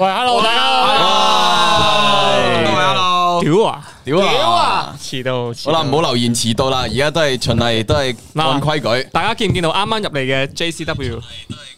喂，hello，大家，h e l 哇，喂，hello，屌啊家，屌啊，遲到，到好啦，唔好留言遲到啦，而家都係循例， 都係按規矩。大家見唔見到啱啱入嚟嘅 JCW？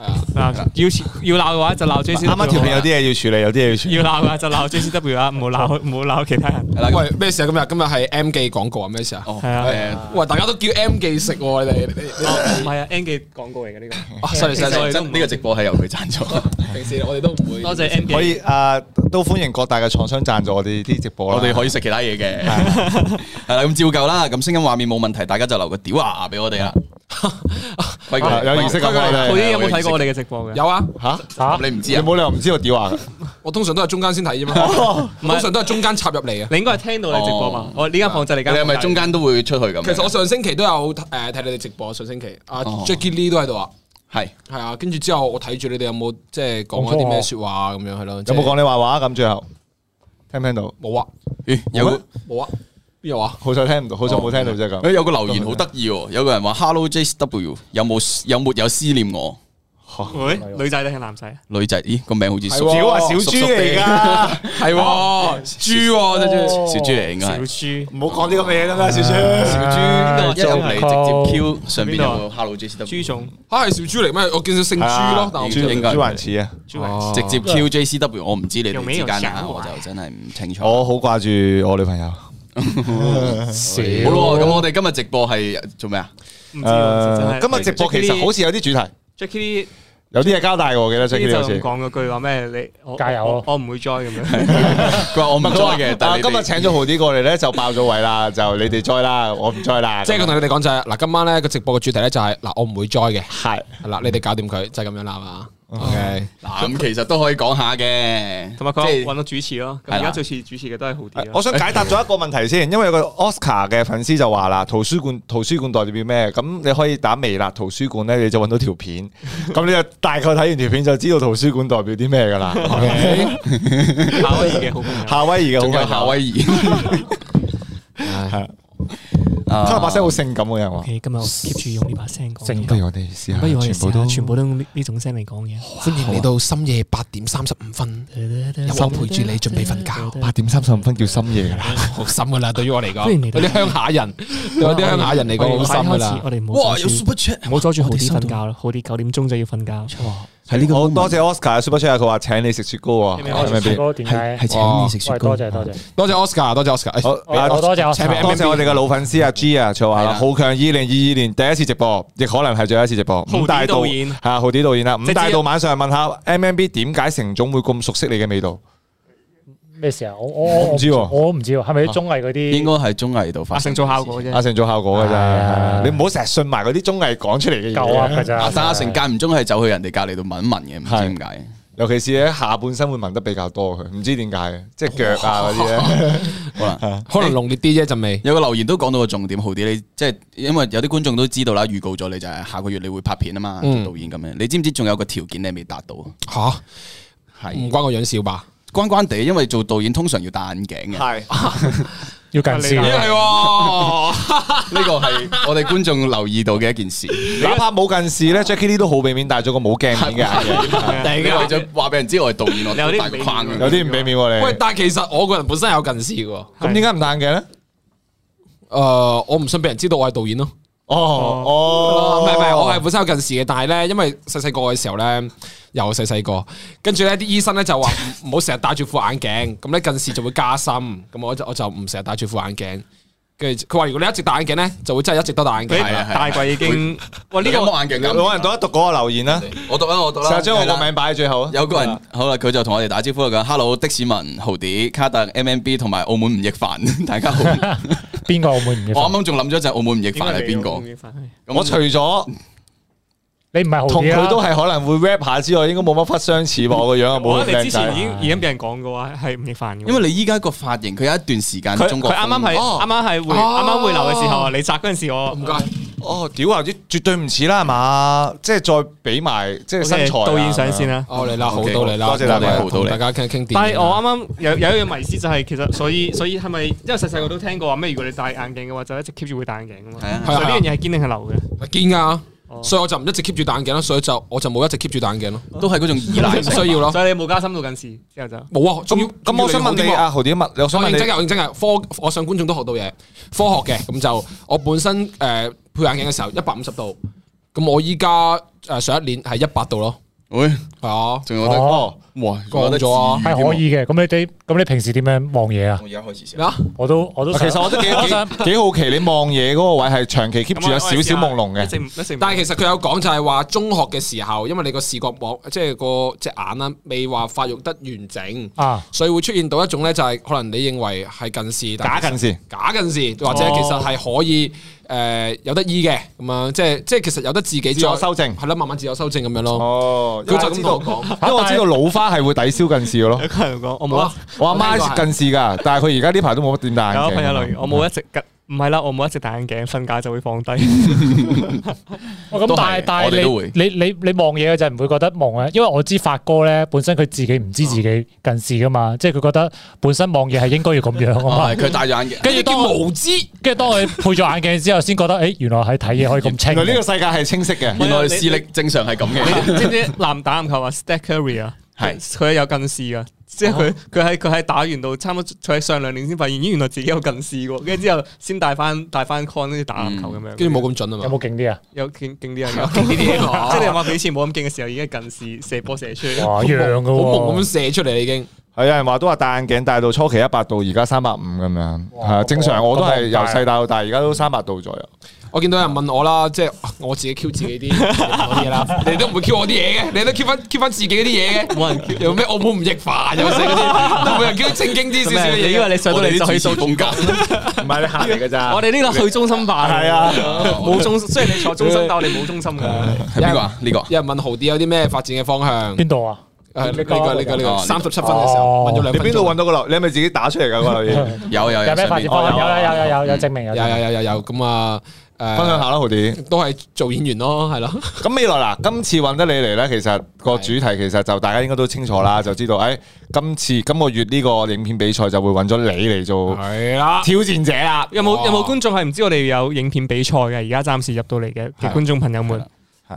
要要鬧嘅話就鬧 J C W。啱啱條片有啲嘢要處理，有啲嘢要處理。要鬧嘅話就鬧 J C W 啊，冇鬧冇鬧其他人。喂，咩事啊？今日今日係 M 記廣告啊？咩事啊？係啊，喂，大家都叫 M 記食，我哋唔係啊，M 記廣告嚟嘅呢個。實實我哋都呢個直播係由佢贊助，平時我哋都唔會多謝 M 記。可以啊，都歡迎各大嘅廠商贊助我哋啲直播，我哋可以食其他嘢嘅，係啦，咁照舊啦。咁聲音畫面冇問題，大家就留個屌牙俾我哋啦！係噶，有意思噶。導演有冇睇過我哋嘅直播嘅？有啊。吓，你唔知啊？你冇理由唔知道點啊？我通常都係中間先睇嘅嘛。通常都係中間插入嚟嘅。你應該係聽到你直播嘛？我呢間房就嚟你間房。你係咪中間都會出去咁？其實我上星期都有誒睇你哋直播。上星期阿 Jackie Lee 都喺度啊。係係啊，跟住之後我睇住你哋有冇即係講啲咩說話咁樣係咯。有冇講你壞話咁最後？聽唔聽到？冇啊。咦？有冇啊。邊話？好彩聽唔到，好彩冇聽到啫咁。誒，有個留言好得意，有個人話：Hello J C W，有冇有冇思念我？女仔定係男仔？女仔，咦個名好似小啊小豬嚟噶，係豬真係小豬嚟，應該係小豬。唔好講呢個名啦，小豬。小豬一直接 Q 上邊有冇 Hello J C W。豬總，係小豬嚟咩？我見佢姓豬咯，但係應該還是啊？直接 Q J C W，我唔知你哋之間，我就真係唔清楚。我好掛住我女朋友。 好咯，咁我哋今日直播係做咩啊？今日直播其實好似有啲主題，uh,，Jackie 有啲嘢交代我嘅啦，Jackie 好似像就講句話咩？你我加油，我唔會 join 咁樣。佢話 我唔 join 嘅。嗱， 今日請咗豪啲過嚟咧，就爆咗位啦。就你哋 join 啦，我唔 join 啦。即係佢同你哋講就係、是、嗱，今晚咧個直播嘅主題咧就係、是、嗱，我唔會 join 嘅，係係啦， 你哋搞掂佢就係、是、咁樣啦嘛。OK，咁、嗯、其實都可以講下嘅，同埋佢揾到主持咯。咁而家最次主持嘅都係好啲。我想解答咗一個問題先，因為有個 Oscar 嘅粉絲就話啦，圖書館圖書館代表咩？咁你可以打微辣圖書館咧，你就揾到條片。咁你就大概睇完條片，就知道圖書館代表啲咩噶啦。夏威夷嘅好，夏威夷嘅好，夏威夷。係。啊！呢把聲好性感喎，又 OK。今日 keep 住用呢把聲講，不如我哋試下，不如我哋全部都用呢種聲嚟講嘢。歡迎嚟到深夜八點三十五分，有我陪住你準備瞓覺。八點三十五分叫深夜噶啦，好深噶啦。對於我嚟講，嗰啲鄉下人，嗰啲鄉下人嚟講，好深噶啦。我哋唔好阻住，好啲瞓覺啦，好啲九點鐘就要瞓覺。喺呢個好多謝 Oscar 啊，Super Chat 啊，佢話請你食雪糕啊，M M B 係請你食雪糕？多謝多謝，多謝 Oscar，多謝 Oscar，我多謝多謝我哋嘅老粉絲阿 G 啊，就話啦，浩強二零二二年第一次直播，亦可能係最後一次直播，五大導演吓豪 Dee 導演啦，五大道晚上問下 M M B 點解成種會咁熟悉你嘅味道？咩時候？我唔知喎，我唔知喎，係咪啲綜藝嗰啲？應該係綜藝度發，阿成做效果啫，阿成做效果嘅啫，你唔好成日信埋嗰啲綜藝講出嚟嘅嘢。夠啊，佢阿成間唔中係走去人哋隔籬度聞一聞嘅，唔知點解。尤其是下半身會聞得比較多，佢唔知點解，即係腳啊。好啦，可能濃烈啲啫，陣味。有個留言都講到個重點，好啲你，即係因為有啲觀眾都知道啦，預告咗你就係下個月你會拍片啊嘛，導演咁樣。你知唔知仲有個條件你未達到啊？吓，係唔關我樣笑吧？關關哋，因為做導演通常要戴眼鏡嘅，係要近視係，呢個係我哋觀眾留意到嘅一件事。你的哪怕冇近視咧，Jackie Lee 都好避免戴咗個冇鏡眼鏡。頂啊！啊為咗話俾人知我係導演，有我有啲框，有啲唔俾面對你。喂，但係其實我個人本身有近視嘅，咁點解唔戴眼鏡咧？誒、啊，我唔信俾人知道我係導演咯。哦哦，唔係唔係，我係本身有近視嘅，但係咧，因為細細個嘅時候咧，又細細個，跟住咧啲醫生咧就話唔好成日戴住副眼鏡，咁咧 近視就會加深，咁我就我就唔成日戴住副眼鏡。佢佢話：如果你一直戴眼鏡咧，就會真係一直都戴眼鏡啦。大貴已經，哇！呢個冇眼鏡咁？有冇人讀一讀嗰個留言啦，我讀啦，我讀啦。成日將我個名擺喺最後啦。有個人好啦，佢就同我哋打招呼啦，Hello 的士文，豪 Dee 卡特 MMB 同埋澳門吳亦凡，大家好。邊個澳門？我啱啱仲諗咗陣澳門吳亦凡係邊個？我除咗。你唔係同佢都係可能會 rap 下之外，應該冇乜不相似喎我個樣啊，冇咁靚仔。可能你之前已經已經俾人講過話係吳亦凡。因為你依家個髮型，佢有一段時間中國。佢佢啱啱係啱啱係回啱啱回流嘅時候啊，你紮嗰陣時我唔該哦，屌啊，絕對唔似啦，係嘛？即係再俾埋即係身材。導演相先啦。哦，你啦，好，到你啦，多謝大家，到大家傾一傾。但係我啱啱有有一樣迷思就係，其實所以所以係咪因為細細個都聽過話咩？如果你戴眼鏡嘅話，就一直 keep 住會戴眼鏡啊嘛。所以呢樣嘢係堅定係留嘅，係堅噶。所以我就唔一直 keep 住戴眼鏡咯，所以就我就冇一直 keep 住戴眼鏡咯，啊、都係嗰種依賴唔需要咯。所以你冇加深到近視，之後就冇啊。咁那於我想問你阿、啊、豪啲乜？我認真嘅，認真嘅科，我想觀眾都學到嘢，科學嘅。咁就我本身誒、呃、配眼鏡嘅時候一百五十度，咁我依家誒上一年係一百度咯。欸仲啊，哦，改咗，係可以嘅。咁你啲，咁你平時點樣望嘢啊？我而家開始食。我都，我都，其實我都幾幾幾好奇，你望嘢嗰個位係長期 keep 住有少少朦朧嘅。但係其實佢有講就係話，中學嘅時候，因為你個視覺望，即係個隻眼啦，未話發育得完整，啊，所以會出現到一種咧，就係可能你認為係近視，假近視，假近視，或者其實係可以誒有得醫嘅，咁樣，即係即係其實有得自己再自我修正，係咯，慢慢自我修正咁樣咯。哦。因為我知道老花係會抵消近視嘅咯。有人講我冇，我阿媽近視噶，但係佢而家呢排都冇乜變大眼。有朋友留言，我冇一直唔係啦，我冇一直戴眼鏡，瞓覺就會放低。我咁但係但係你你你你望嘢嘅就唔會覺得望啊，因為我知發哥咧本身佢自己唔知自己近視噶嘛，即係佢覺得本身望嘢係應該要咁樣啊嘛。佢戴住眼鏡，跟住啲無知，跟住當佢配咗眼鏡之後，先覺得誒，原來喺睇嘢可以咁清。原來呢個世界係清晰嘅，原來視力正常係咁嘅。你知唔知籃打籃球啊 Steph Curry 啊，係佢有近視噶。即係佢，佢喺佢喺打完度，差唔多，佢喺上兩年先發現，咦，原來自己有近視喎。跟住之後先戴翻戴翻 con，跟住打籃球咁、嗯、樣。跟住冇咁準有有啊嘛。有冇勁啲啊？有勁勁啲啊！勁啲啲啊！ 即係你話幾次冇咁勁嘅時候，已經近視射波射出去。去。一樣噶，啊，好蒙咁射出嚟已經。係啊，有人話都話戴眼鏡戴到初期一百度，而家三百五咁樣。係啊哇，正常我都係由細戴到大，而家都三百度左右。我見到有人問我啦，即係我自己 Q 自己啲嘢啦。你都唔會 Q 我啲嘢嘅，你都 Q 翻 Q 翻自己啲嘢嘅。冇人又咩澳門吳亦凡又寫嗰啲，都冇人 Q 正經啲少少嘅嘢。因為你上到嚟就去做風格，唔係你行嚟嘅咋。我哋呢個去中心化，係啊，冇中雖然你坐中心，但我哋冇中心嘅。係邊個？呢個？有人問豪 Dee 有啲咩發展嘅方向？邊度啊？呢個呢個呢個三十七分嘅時候問咗兩分鐘。邊度揾到個樓？你係咪自己打出嚟㗎？嗰個有有有有有有有有證明？有有有有有咁啊！分享下啦，好啲、嗯。都係做演員咯，係咯。咁 未來嗱，今次揾得你嚟呢，其實個主題其實就大家應該都清楚啦，就知道誒、哎，今次今個月呢個影片比賽就會揾咗你嚟做係啦的挑戰者啦。有冇有冇觀眾係唔知道我哋有影片比賽嘅？而家暫時入到嚟嘅的觀眾朋友們。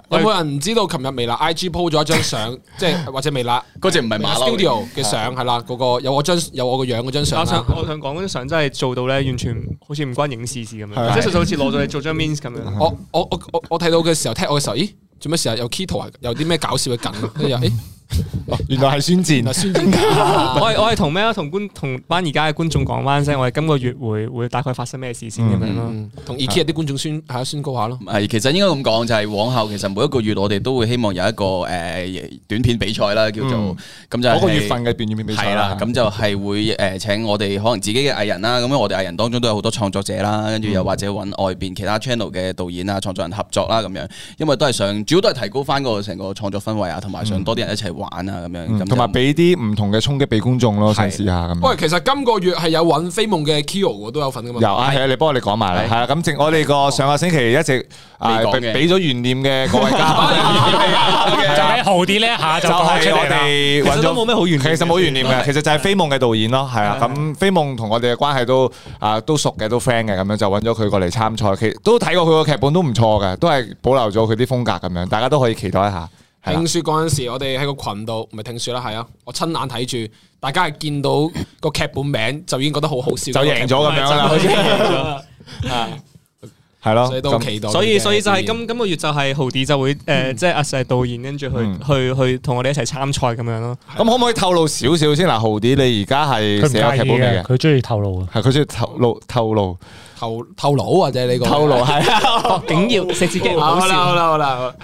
有冇人唔知道？琴日微辣 IG po 咗一張相，即係 或者微辣嗰隻唔係馬 o 嘅相係啦。嗰個有我張有 我個樣嗰張相。我想我想講嗰張相真係做到咧，完全好似唔關影視事咁樣， 即係實好似攞咗你做張 meme 咁樣 我。我我我我我睇到嘅時候睇我嘅時候，咦？做乜時候有 Kitty 台？有啲咩搞笑嘅梗？哎呀！ 原來係宣戰啊！宣 我係我係同咩啊？同觀同班而家嘅觀眾講翻聲，我哋今個月會會大概發生咩事先咁樣咯？嗯、同二期啲觀眾宣，下宣告下咯。其實應該咁講，就係、是、往後其實每一個月我哋都會希望有一個誒、呃、短片比賽啦，叫做咁、嗯、就係、是、嗰個月份嘅短片比賽啦。咁就係會誒、呃、請我哋可能自己嘅藝人啦，咁我哋藝人當中都有好多創作者啦，跟住又或者搵外邊其他 channel 嘅導演啊、創作人合作啦，咁樣，因為都係想主要都係提高翻個成個創作氛圍啊，同埋想多啲人一齊。嗯玩啊咁樣，同埋俾啲唔同嘅衝擊俾觀眾咯，嘗試下咁。喂，其實今個月係有搵飛夢嘅 Kyo，都有份噶嘛？有啊，係啊，你幫我哋講埋啦。係啊，咁正我哋個上個星期一直啊俾咗懸念嘅各位嘉賓，就喺豪 Dee 呢，吓，就係我哋揾都冇咩好懸念。其實冇懸念嘅，其實就係飛夢嘅導演咯。係啊，咁飛夢同我哋嘅關係都啊都熟嘅，都 friend 嘅，咁樣就揾咗佢過嚟參賽。其實都睇過佢個劇本，都唔錯嘅，都係保留咗佢啲風格咁樣，大家都可以期待一下。聽說嗰陣時，我哋喺個群度，唔係聽說啦，係啊，我親眼睇住，大家係見到個劇本名就已經覺得好好笑，就贏咗咁樣啦，係咯，所以都期待，所以所以就係今今個月就係豪 Dee 就會誒，即係阿石導演跟住去去去同我哋一齊參賽咁樣咯。咁可唔可以透露少少先嗱？豪 Dee，你而家係寫劇本嘅，佢中意透露，係佢中意透露透露透透露或者你個透露係啊，緊要食自己好啦，好啦，好啦！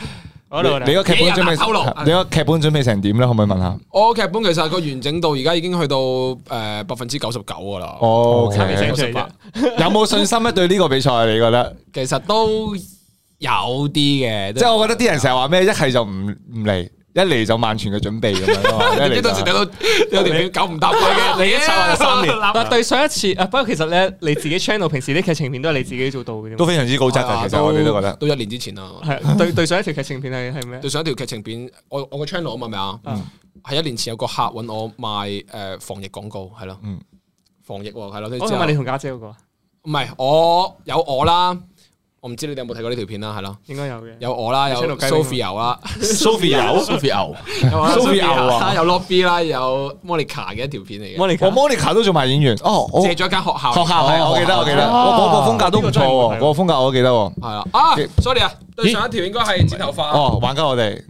你個劇本準備，你個劇本準備成點咧？可唔可以問下？我劇本其實個完整度而家已經去到誒，百分之九十九噶啦。哦，百分之九十八。有冇信心咧？ 對呢個比賽，啊，你覺得？其實都有啲嘅，即係我覺得啲人成日話咩， 一係就唔唔嚟，一嚟就萬全嘅準備咁樣，一嚟到時等到有條片九唔搭八嘅，你一三年。但對上一次啊，不過其實咧，你自己 channel 平時啲劇情片都係你自己做到嘅，都非常之高質嘅。其實我哋都覺得，都一年之前啦。係對，對上一條劇情片係係咩？對上一條劇情片，我我個 channel 啊嘛，係咪啊，係一年前有個客揾我賣誒防疫廣告，係咯，防疫係咯。我係你同家姐嗰個，唔係我有我啦。我唔知你哋有冇睇過呢條片啦，係咯？應該有嘅，有我啦，有 Sophie 啦，Sophie 油，Sophie 油，Sophie 油啊，有 Lobby 啦，有 Monica 嘅一條片嚟嘅。我 Monica 都做埋演員，哦，借咗間學校，學校係，我記得，我記得，我嗰個風格都唔錯，嗰個風格我記得。係啊，啊，sorry 啊，對上一條應該係剪頭髮，哦，玩緊我哋，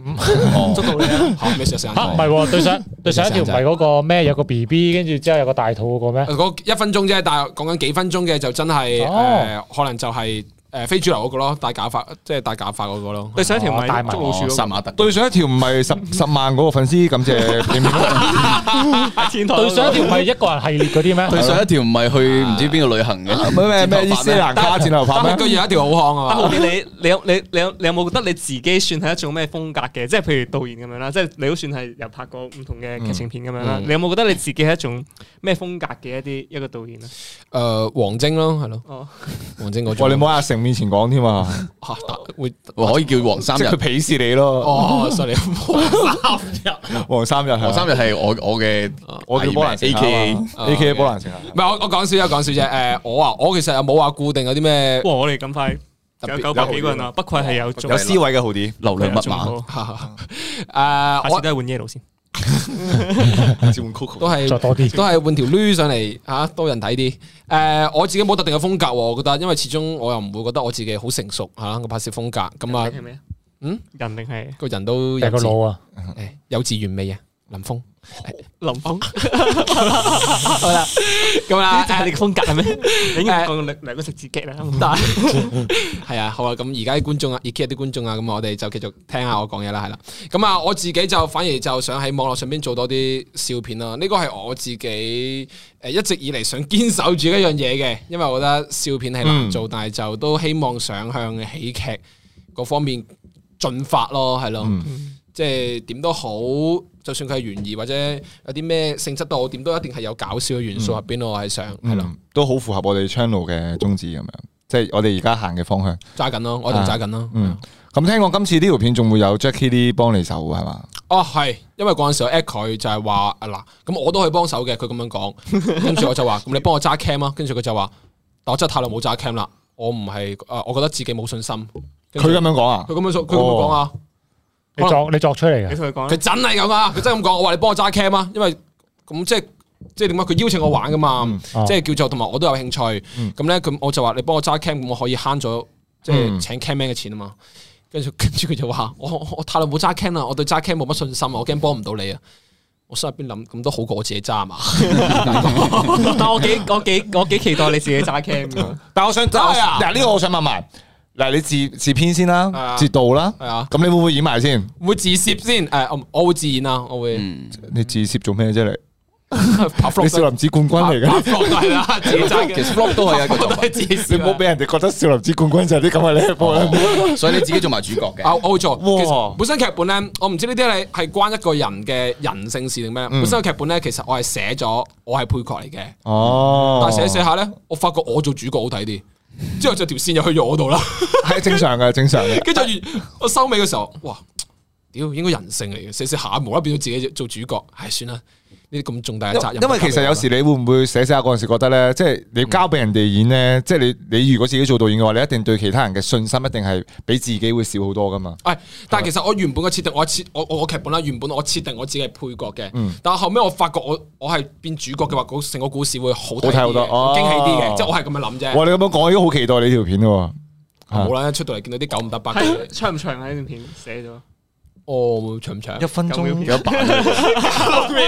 捉到你，吓，唔係，對上對上一條唔係嗰個咩？有個 B B，跟住之後有個大肚嗰個咩？嗰一分鐘啫，但係講緊幾分鐘嘅就真係誒，可能就係。誒非主流嗰個咯，戴假髮，即係戴假髮嗰個咯。對上一條咪抓老鼠咯，對上一條唔係十十萬嗰個粉絲感謝你。對上一條唔係一個人系列嗰啲咩？對上一條唔係去唔知邊度旅行嘅咩咩斯里蘭卡剪頭髮咩？居然有一條好看啊！阿豪，你你有你你有你有冇覺得你自己算係一種咩風格嘅？即係譬如導演咁樣啦，即係你都算係又拍過唔同嘅劇情片咁樣啦。你有冇覺得你自己係一種咩風格嘅一啲一個導演啊？誒，王晶咯，係咯，王晶嗰種。我你冇阿成。面前講添嘛吓，會可以叫黃三日鄙視你咯。哦，sorry，黃三日，黃三日，黃三日係我我嘅，我叫波蘭 A K A A K A 波蘭，唔係我我講笑，啊，講笑。啫。誒，我啊，我其實又冇話固定有啲咩。哇，我哋咁快，有九百幾個人啊，不愧係有有思維嘅豪 Dee 流量密碼。誒，下次都係換 yellow 先。 換都係再多換條捋上嚟吓，多人睇啲。誒、uh,，我自己冇特定嘅風格，我覺得，因為始終我又唔會覺得我自己好成熟吓，個、uh, 拍攝風格。咁啊，嗯，人定係個人都有個腦啊，誒，幼稚完美啊，林峰。 林峰， 好啦，咁啊，係你嘅風格係咩？ 嗯、你講嚟，嚟乜食自極啦？係 啊，好啊，咁而家啲觀眾啊，熱氣啲觀眾啊，咁我哋就繼續聽下我講嘢啦，係啦，咁啊，我自己就反而就想喺網絡上邊做多啲笑片咯，呢個係我自己誒一直以嚟想堅守住一樣嘢嘅，因為我覺得笑片係難做，嗯、但係就都希望想向喜劇嗰方面進發咯，係咯、啊。嗯即係點都好，就算佢係懸疑或者有啲咩性質都好，點都一定係有搞笑嘅元素入邊，我係想，係咯、嗯吧嗯，都好符合我哋 channel 嘅宗旨咁樣。即係我哋而家行嘅方向揸緊咯，我哋揸緊咯。嗯，咁吧、嗯、聽講今次呢條片仲會有 Jackie Lee 幫你手係嘛？哦，係，因為嗰陣時候我 at 佢就係話啊嗱，咁我都可以幫手嘅。佢咁樣講，跟住 我就話咁你幫我揸 cam 啊。跟住佢就話，但我真係太耐冇揸 cam 啦，我唔係啊，我覺得自己冇信心。佢咁樣講啊？佢咁樣佢咁樣講啊？作你作出嚟嘅，你同佢講，佢真係咁啊！佢真係咁講。我話你幫我揸 cam 啊，因為咁即係即係點解，佢邀請我玩噶嘛，即係叫做同埋我都有興趣。咁咧，佢我就話你幫我揸 cam，咁我可以慳咗即係請 cam 嘅錢啊嘛。跟住跟住佢就話：我我太耐冇揸 cam 啦，我對揸 cam 冇乜信心，我驚幫唔到你啊。我心入邊諗，咁都好過我自己揸嘛。但我幾我幾我幾期待你自己揸 cam。但我想揸。嗱，呢個我想問埋。嗱，你自自編先啦，自導啦，係啊，咁你會唔會演埋先？會自攝先，誒，我我會自演啦，我會。你自攝做咩啫？你少林寺冠軍嚟㗎，係啦，自拍。其實 Vlog 都係啊，你唔好俾人哋覺得少林寺冠軍就係啲咁嘅 level 所以你自己做埋主角嘅。我我會做，其實本身劇本咧，我唔知呢啲係係關一個人嘅人性事定咩。本身嘅劇本咧，其實我係寫咗，我係配角嚟嘅。哦，但係寫寫下咧，我發覺我做主角好睇啲。之後就條線又去咗我度啦，係 跟正常嘅，正常嘅。跟住我收尾嘅時候，哇，屌，應該人性嚟嘅，死死下無啦，變咗自己做主角，唉，算啦。呢啲咁重大嘅責任因，因為其實有時你會唔會寫寫下嗰陣時覺得咧，即係你交俾人哋演咧，嗯、即係你你如果自己做導演嘅話，你一定對其他人嘅信心一定係比自己會少好多噶嘛。哎、但係其實我原本嘅設定，我設我我劇本啦，原本我設定我自己係配角嘅，嗯、但係後尾我發覺我我係變主角嘅話，成個故事會好睇好多，哦、驚喜啲嘅，哦、即係我係咁樣諗啫。哇！你咁樣講，我已經好期待你條片喎。冇、啊、啦，出到嚟見到啲九唔搭八嘅，唱唔唱啊？呢 段片寫咗。哦，長唔長？一分鐘一百，一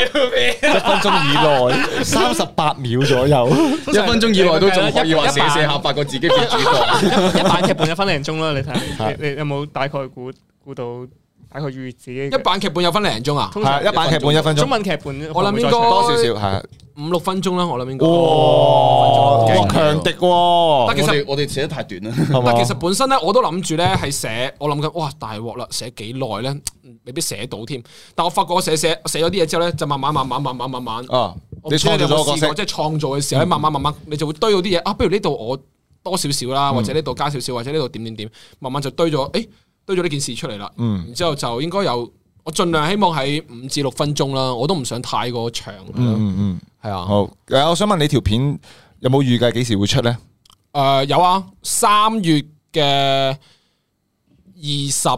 分鐘以內，三十八秒左右，一分鐘以內都仲可以話寫寫下，發覺自己變主角。一版劇本一分零鐘啦，你睇，你有冇大概估估到？大概預自己一版劇本有分零鐘啊？一版劇本一分鐘。中文劇本，我諗應該多少少係。五六分鐘啦，我諗應該。哇、哦，強敵喎！哦哦、但其實我哋寫得太短啦。 但其實本身咧，我都諗住咧係寫，我諗緊哇大鑊啦，寫幾耐咧，未必寫到添。但我發覺我寫寫寫咗啲嘢之後咧，就慢慢慢慢慢慢慢慢。慢慢啊！你創作嘅角色，即係創作嘅時候咧，慢慢慢慢，慢慢，你就會堆到啲嘢啊。不如呢度我多少少啦，或者呢度加少少，或者呢度點點點，慢慢就堆咗，誒、哎，堆咗呢件事出嚟啦。嗯。然之後就應該有。嗯我盡量希望喺五至六分鐘啦，我都唔想太過長。嗯嗯，係啊。好，誒，我想問你條片有冇預計幾時會出呢？誒、呃，有啊，三月嘅二十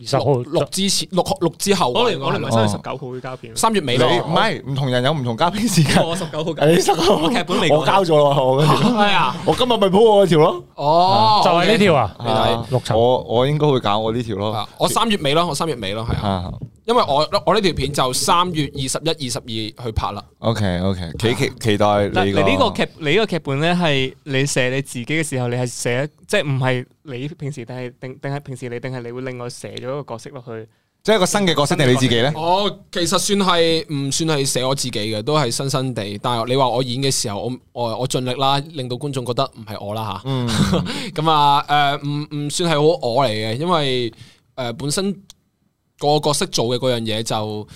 二十號六之前，六六之後。我哋我哋唔係三月十九號會交片，三月尾咯。唔係唔同人有唔同交片時間。我十九號交，我劇本嚟我交咗咯。係啊，我今日咪 po 我條咯。哦，就係呢條啊。我我應該會搞我呢條咯。我三月尾咯，我三月尾咯，係啊。因為我我呢條片就三月二十一、二十二去拍啦。OK，OK，期期，期待你、這個你。你呢個劇你呢個劇本咧，係你寫你自己嘅時候你，你係寫即係唔係你平時定係定定係平時你定係你會另外寫咗一個角色落去？即係個新嘅角色定係你自己咧？我其實算係唔算係寫我自己嘅，都係新新地。但係你話我演嘅時候，我我我盡力啦，令到觀眾覺得唔係我啦吓。咁啊誒，唔唔、 呃、算係好我嚟嘅，因為誒、呃、本身。個角色做嘅嗰樣嘢就誒，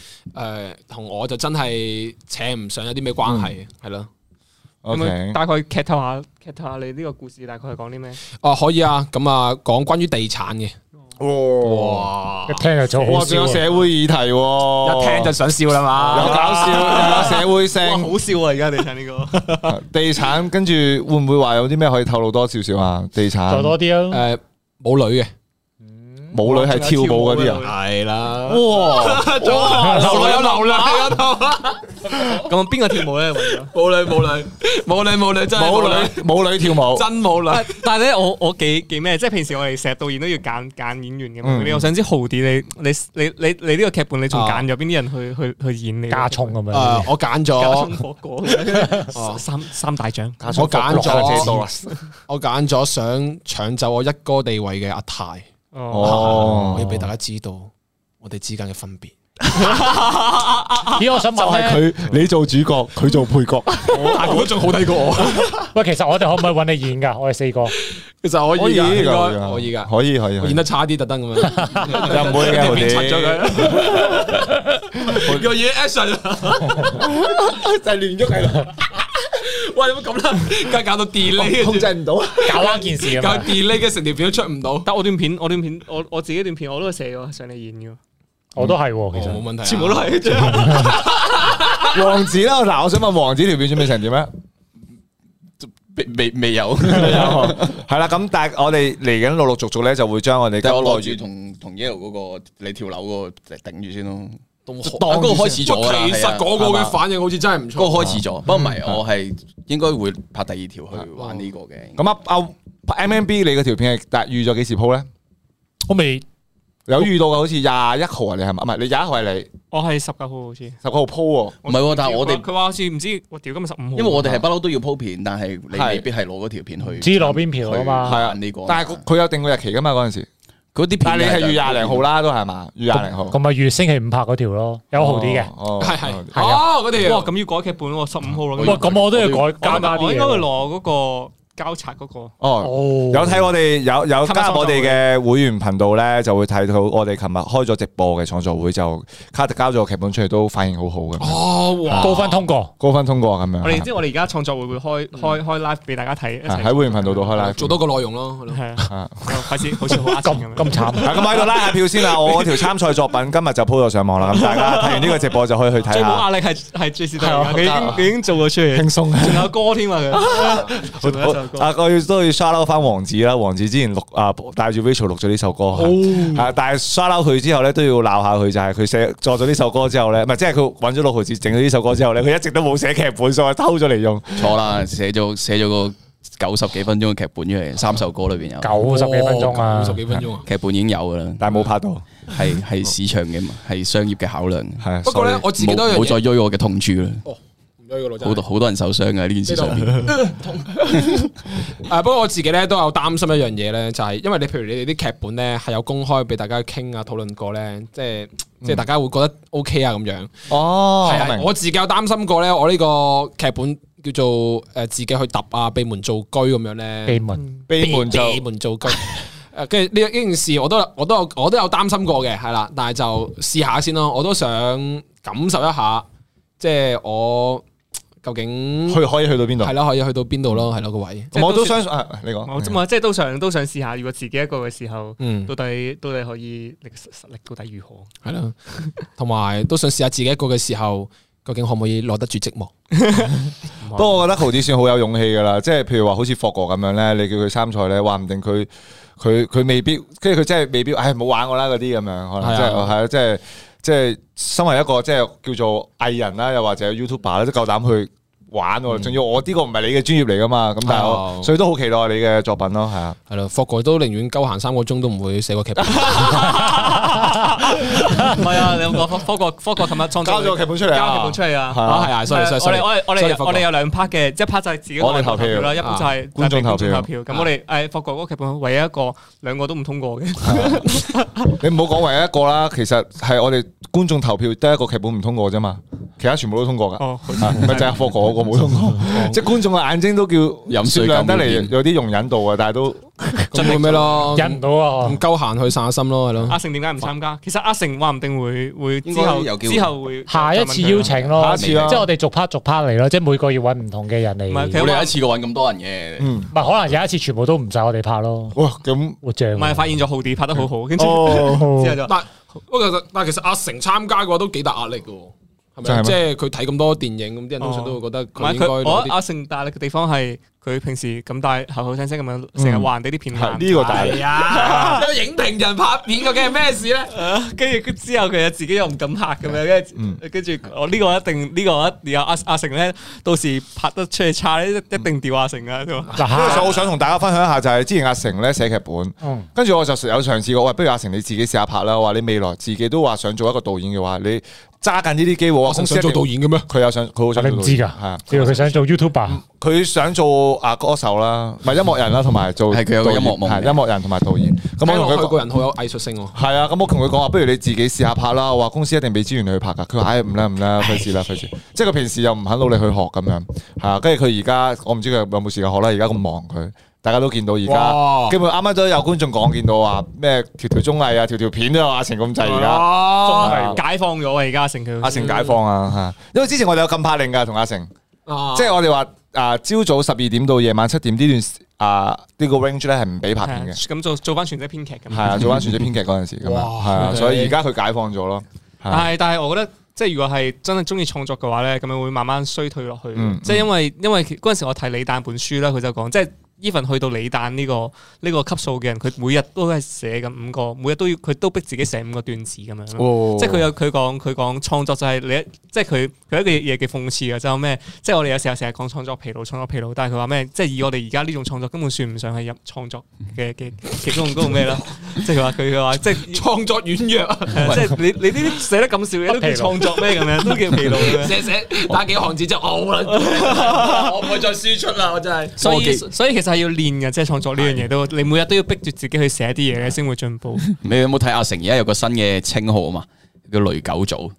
同、呃、我就真係扯唔上有，有啲咩關係係咯？咁啊，大概劇透下，劇透下你呢個故事大概係講啲咩？哦、啊，可以啊，咁啊，講關於地產嘅。哦、哇，一聽就笑。哇，仲有社會議題、啊，議題啊、一聽就想笑啦嘛。 有搞笑，有社會性。好笑啊！而家地產呢、這個 地產，跟住會唔會話有啲咩可以透露多少少啊？地產做多啲啊，誒、呃，冇女嘅。舞女係跳舞嗰啲人，係啦，哇，哇，原來有流量喺嗰度啊！咁邊個跳舞咧？舞女，舞女，舞女，舞女真舞女，舞女跳舞真舞女。但係咧，我我幾幾咩？即係平時我哋成日導演都要揀揀演員嘅嘛。你又想知豪 Dee？你你你你你呢個劇本你仲揀咗邊啲人去去去演你？加重咁樣。啊，我揀咗，我個三三大獎，我揀咗，我揀咗想搶走我一哥地位嘅阿泰。哦，要俾大家知道我哋之間嘅分別。 咦，我想問，就係佢你做主角，佢做配角， 但阿哥仲好睇過我。喂， 其實我哋可唔可以揾你演噶？我哋四個，其實可以，應該可以噶的，可以可以。演得差啲，特登咁樣，就唔會嘅咗佢。個嘢 action，就係亂咗佢。喂，點解咁啦？梗係搞到 delay，控制唔到， 搞翻件事。搞 delay 嘅成條片都出唔到。但我段片，我段片，我我自己段片，我都寫咗上嚟演嘅。我都係，其實冇問題，啊，全部都係。啊、 王子啦，嗱，我想問王子條片準備成點咧？ 未未有，係啦。咁但係我哋嚟緊陸陸續續咧，就會將我哋。我耐住同同 yellow 嗰個你跳樓個頂住先咯。嗰個開始咗，其實嗰個嘅反應好似真係唔錯。嗰個開始咗，不過唔係，我係應該會拍第二條去玩呢個嘅。咁啊，歐拍 MMB，你個條片係但預咗幾時鋪咧？我未有預到嘅，好似廿一號啊，你係咪？唔係，你廿一號係你。我係十九號，好似十九號鋪喎，唔係喎。但係我哋佢話好似唔知，我屌今日十五號。因為我哋係不嬲都要鋪片，但係你未必係攞嗰條片去。知攞邊票啊？嘛，係啊，呢個。但係佢有定個日期噶嘛？嗰陣時。嗰啲，但你係月廿零號啦，都係嘛？月廿零號，咁咪月星期五拍嗰條咯，有號啲嘅。哦，係係。哦，嗰啲，啊哦、哇！咁要改劇本喎，十五號咯。咁我都要，要改要加加啲。我應該係攞嗰個。交叉嗰個哦，有睇我哋有有加我哋嘅會員頻道咧，就會睇到我哋琴日開咗直播嘅創作會，就卡特交咗劇本出嚟，都反應好好嘅。哦，高分通過，高分通過咁樣。我哋知我哋而家創作會會開開開 live 俾大家睇，喺會員頻道度開 live，做多個內容咯。開始，開始好壓縮咁咁慘。咁喺度拉下票先啦。我我條參賽作品今日就 po 咗上網啦。咁大家睇完呢個直播就可以去睇下。最冇壓力係係最，你已經你已經做咗出嚟，輕鬆，仲有歌添啊。啊！我要都要沙撈翻王子啦。王子之前錄啊，帶住 Rachel 錄咗呢首歌，係、oh. 啊、但係沙撈佢之後咧，都要鬧下佢，就係佢寫作咗呢首歌之後咧，唔係即係佢揾咗六毫子整咗呢首歌之後咧，佢一直都冇寫劇本，所以偷咗嚟用。錯啦，寫咗寫咗個九十幾分鐘嘅劇本出嚟，三首歌裏邊有九十幾分鐘啊，哦、九十幾分鐘啊，劇本已經有啦，是但係冇拍到，係係市場嘅嘛，係商業嘅考量。係不過咧， 我自己都冇再追我嘅痛處啦。好多好多人受傷嘅呢件事上邊，誒，不過我自己咧都有擔心一樣嘢咧，就係、是，因為你，譬如你哋啲劇本咧係有公開俾大家傾啊討論過咧，即係即係大家會覺得 OK 啊咁樣。哦，係的，明白我自己有擔心過咧，我呢個劇本叫做誒、呃、自己去揼啊閉門造居咁樣咧，閉門閉門就閉門造居。誒，跟住呢呢件事我，我都我都有我都有擔心過嘅，係啦，但係就試下先咯，我都想感受一下，即係、就是、我。就是我究竟去可以去到邊度？係啦，可以去到邊度咯，係咯個位。我都想，你講，即係都想都想試下，如果自己一個嘅時候，到底到底可以力實力到底如何？係啦，同埋都想試下自己一個嘅時候，究竟可唔可以攞得住寂寞？不過我覺得豪子算好有勇氣噶啦，即係譬如話好似霍國咁樣咧，你叫佢參賽咧，話唔定佢佢佢未必，跟住佢真係未必，唉，冇玩過啦嗰啲咁樣，可能即係即係。即係身為一個即係叫做藝人啦，又或者 YouTuber 咧，都夠膽去玩喎，仲要我呢個唔係你嘅專業嚟噶嘛？咁但係我，所以都好期待你嘅作品咯，係啊，係咯。霍國都寧願鳩行三個鐘都唔會寫個劇本。係啊，你我霍國霍國琴日創作交咗個劇本出嚟，交劇本出嚟啊，係啊，所以所以我哋我哋有兩 part 嘅，一 part 就係自己我哋投票啦，一 part 就係觀眾投票。咁我哋誒霍國嗰個劇本唯一一個兩個都唔通過嘅，你唔好講唯一一個啦，其實係我哋觀眾投票得一個劇本唔通過啫嘛。其他全部都通過噶，咪就係霍哥嗰個冇通過，即係觀眾嘅眼睛都叫飲水量得嚟，有啲容忍度啊，但係都真係咩咯，忍唔到啊，咁鳩閒去散下心咯，係咯。阿成點解唔參加？其實阿成話唔定會會之後之後會下一次邀請咯，即係我哋逐 part 逐 part 嚟咯，即係每個要搵唔同嘅人嚟。唔係，我哋一次過搵咁多人嘅，唔係可能有一次全部都唔晒我哋拍咯。咁活唔咪發現咗豪 Dee 拍得好好，跟住之後就但係，其實阿成參加嘅話都幾大壓力嘅。即係佢睇咁多電影，咁啲人通常都會覺得唔係佢。我覺得阿成大力嘅地方係佢平時咁大口口聲聲咁樣，成日還俾啲片。嗯、論。呢個大力啊！影評人拍片，究竟係咩事咧？跟住、啊、之後佢又自己又唔敢拍咁樣，嗯、跟住我呢個一定，、這個一定啊啊啊、呢個，然後阿阿成咧，到時拍得出嚟差一定掉阿、啊、成、嗯、啊！所以、啊啊、我想同大家分享一下，就係之前阿成咧寫劇本，嗯、跟住我就有嘗試過。喂，不如阿成你自己試下拍啦。話你未來自己都話想做一個導演嘅話，你。揸緊呢啲機會，會我想做導演嘅咩？佢又想，佢好想。你唔知噶，係啊？因佢想做 YouTuber，佢想做啊歌手啦，唔係音樂人啦，同埋做佢有個音樂夢，音樂人同埋導演。咁我同佢個人好有藝術性。係啊，咁、嗯、我同佢講話，嗯、不如你自己試下拍啦。嗯、我話公司一定俾資源你去拍噶。佢話唉唔啦唔啦，費事啦費事。哎、 即係佢平時又唔肯努力去學咁樣，係跟住佢而家，我唔知佢有冇時間學啦。而家咁忙佢。大家都見到而家，今日啱啱都有觀眾講見到話咩條條綜藝啊，條條片都有阿成咁滯而家。綜藝哇、啊、解放咗啊！而家阿成，阿成解放啊嚇！因為之前我哋有禁拍令噶，同阿成，啊、即係我哋話啊，朝早十二點到夜晚七點呢段啊呢、呢個 range 咧係唔俾拍片嘅。咁、啊、做做翻全職編劇咁，係啊，做翻全職編劇嗰陣時咁啊， 啊。所以而家佢解放咗咯。啊、但係但係，我覺得即係如果係真係中意創作嘅話咧，咁樣會慢慢衰退落去。即係、嗯嗯、因為因為嗰陣時我睇李誕本書咧，佢就講即係。Even 去到李誕呢個呢個級數嘅人，佢每日都係寫咁五個，每日都要佢都逼自己寫五個段子咁樣。哦哦哦即係佢有佢講佢講創作就係、是、你，即係佢佢一個嘢嘅幾諷刺嘅，就咩、是？即、就、係、是、我哋有時候成日講創作疲勞，創作疲勞，但係佢話咩？即係以我哋而家呢種創作根本算唔上係入創作嘅嘅其，其中嗰個咩啦？即係話佢佢話即係創作軟弱即係你你呢啲寫得咁少嘢都叫創作咩咁樣？都叫疲勞寫寫打幾行字之後， 我我唔可以再輸出啦！我真係記得 所以所以，所以其實。係要練嘅，即係創作呢樣嘢都，你每日都要逼住自己去寫啲嘢嘅，先會進步。你有冇睇阿成而家有個新嘅稱號啊嘛？叫雷九組。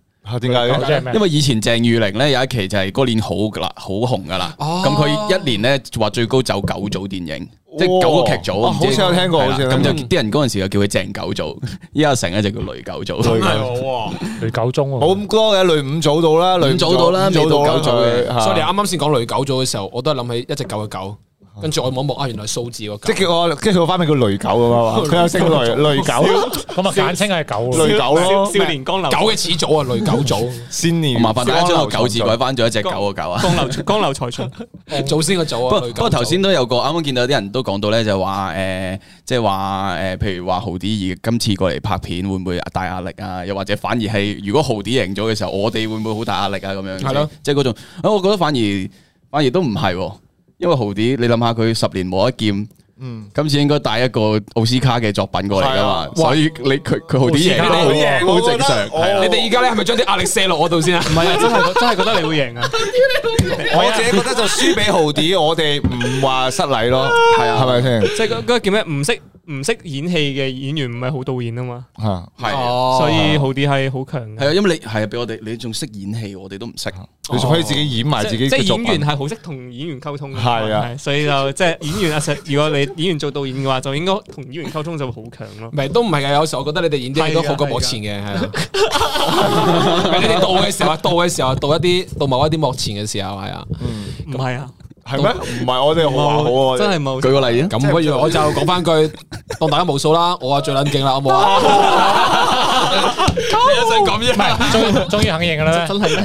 點解？因為以前鄭裕玲咧有一期就係嗰年好噶啦，好紅噶啦。咁佢一年咧話最高走九組電影，即係九個劇組。好似有聽過，咁就啲人嗰陣時就叫佢鄭九組，依家，成咧就叫雷九組。真係哇，雷九中。好咁多嘅，雷五組到啦，雷五組到啦，五組九組嘅。所以你啱啱先講雷九組嘅時候，我都係諗起一隻狗嘅狗。跟住我望望啊，原來數字喎，即係叫我，跟住佢個花名叫雷狗咁啊嘛，佢又姓雷狗，咁咪簡稱係狗，雷狗少年江流狗嘅始祖啊，雷狗祖。先年。麻煩大家將個狗字改翻做一隻狗個狗啊。江流江流才出祖先嘅祖啊。不過頭先都有個，啱啱見到啲人都講到咧，就話誒，即係話誒，譬如話豪 Dee 而今次過嚟拍片，會唔會大壓力啊？又或者反而係，如果豪 Dee 贏咗嘅時候，我哋會唔會好大壓力啊？咁樣。係咯。即係嗰種，我我覺得反而反而都唔係。因為豪 Dee，你諗下佢十年磨一劍。嗯，今次應該帶一個奧斯卡嘅作品過嚟噶嘛，所以你佢佢豪 Dee 贏好正常。你哋而家咧係咪將啲壓力射落我度先啊？唔係，真係真係覺得你會贏啊！我自己覺得就輸俾豪 Dee，我哋唔話失禮咯，係啊，係咪先？即係嗰嗰個叫咩？唔識唔識演戲嘅演員唔係好導演啊嘛，係啊，所以豪 Dee 係好強。係啊，因為你係啊，俾我哋你仲識演戲，我哋都唔識，你仲可以自己演埋自己。即係演員係好識同演員溝通。係啊，所以就即係演員啊，如果你。演員做導演嘅話，就應該同演員溝通就會好強咯。唔係，都唔係噶。有時候我覺得你哋演啲嘢都好過幕前嘅，係。你哋導嘅時候，導嘅時候，導一啲導某一啲幕前嘅時候，係啊，唔係啊，係咩？唔係我哋好話好啊，真係冇。舉個例，咁不如我就講翻句，當大家冇數啦，我話最冷靜啦，好冇啊？講嘢，唔係，終終於肯認啦，真係。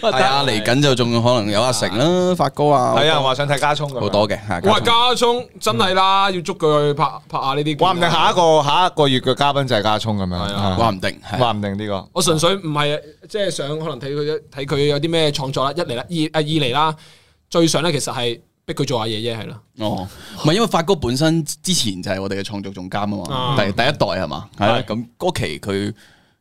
係啊，嚟緊就仲可能有阿成啦，發哥啊，係啊，話想睇家聰咁好多嘅。喂，家聰真係啦，要捉佢去拍拍下呢啲。話唔定下一個下一個月嘅嘉賓就係家聰咁樣。係啊，話唔定，話唔定呢個。我純粹唔係即係想可能睇佢睇佢有啲咩創作啦，一嚟啦，二啊二嚟啦，最想咧其實係逼佢做下嘢啫，係咯。哦，唔係因為發哥本身之前就係我哋嘅創作總監啊嘛，第第一代係嘛，係啦，咁嗰期佢。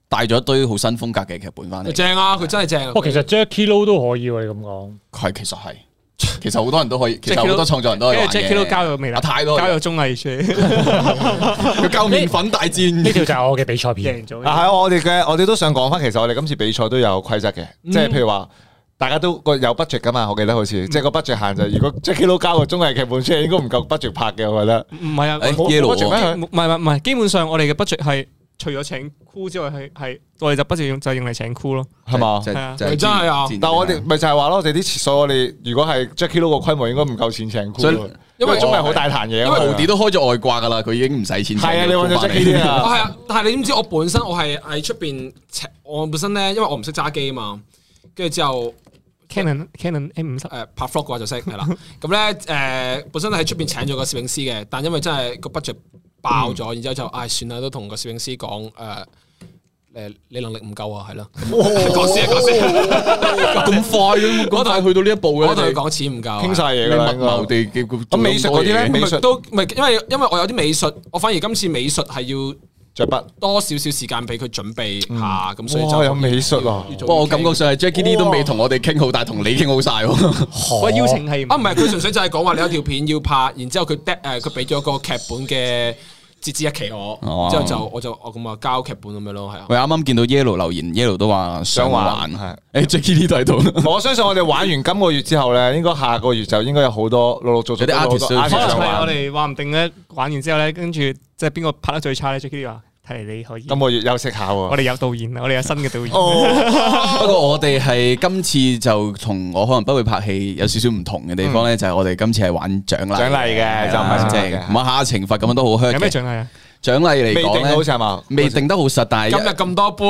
帶咗一堆好新風格嘅劇本翻嚟，正啊！佢真係正。哦，其實 j a c k i l o 都可以，你咁講，係其實係，其實好多人都可以，其實好多創作人都可以。j a c k i l o 交咗未啊？太多交咗綜藝出，夠麵粉大戰呢條就係我嘅比賽片。係我哋嘅我哋都想講翻，其實我哋今次比賽都有規則嘅，即係譬如話，大家都個有 budget 㗎嘛？我記得好似即係個 budget 限制，如果 j a c k i l o 交個綜藝劇本出，應該唔夠 budget 拍嘅，我覺得。唔係啊，耶魯，唔係唔係，基本上我哋嘅 budget 係。除咗請 Cool 之外，係係我哋就不止用就用嚟請 Cool 咯，係嘛？係啊，真係啊！但係我哋咪就係話咯，我哋啲廁所，我哋如果係 Jacky Lou 個規模，應該唔夠錢請 Cool 因為中圍好大壇嘢，因為豪 Dee 都開咗外掛噶啦，佢已經唔使錢。係啊，你揾咗 Jacky 啲啊？係啊，但係你點知我本身我係喺出邊請我本身咧，因為我唔識揸機啊嘛，跟住之後 Canon Canon M 五十拍 Vlog 嘅話就識係啦。咁咧誒本身喺出邊請咗個攝影師嘅，但因為真係個 budget。爆咗，然之後就唉，算啦，都同個攝影師講誒誒，你能力唔夠啊，係咯。講先，講先，咁快，我都係去到呢一步嘅啦。我同佢講錢唔夠，傾晒嘢㗎啦。咁美術嗰啲咧，美術都唔係因為因為我有啲美術，我反而今次美術係要著筆多少少時間俾佢準備下，咁所以就有美術啊。不過我感覺上係 Jackie Lee 都未同我哋傾好，但係同你傾好晒喎。我邀請係啊，唔係佢純粹就係講話你有條片要拍，然之後佢誒佢俾咗個劇本嘅。截止一期我，oh, wow. 之後就我就我咁啊交劇本咁樣咯，係啊。我啱啱見到 yellow、er、留言，yellow、er、都話想玩，係玩。誒的、欸、，J 都喺度。 我相信我哋玩完今個月之後咧，應該下個月就應該有好多陸陸續續啲 artist 嘅。可能係我哋話唔定咧，玩完之後咧，跟住即係邊個拍得最差咧，J、K. D 啊？係，你可以今個月休息下，我哋有導演，我哋有新嘅導演。哦、 不過我哋係今次就同我可能不會拍戲有少少唔同嘅地方咧，嗯、就係我哋今次係玩獎勵，獎勵嘅就唔係即係唔好下懲罰咁樣都好香，有咩獎勵啊？獎勵嚟講好似係嘛，未定得好實。但係今日咁多杯，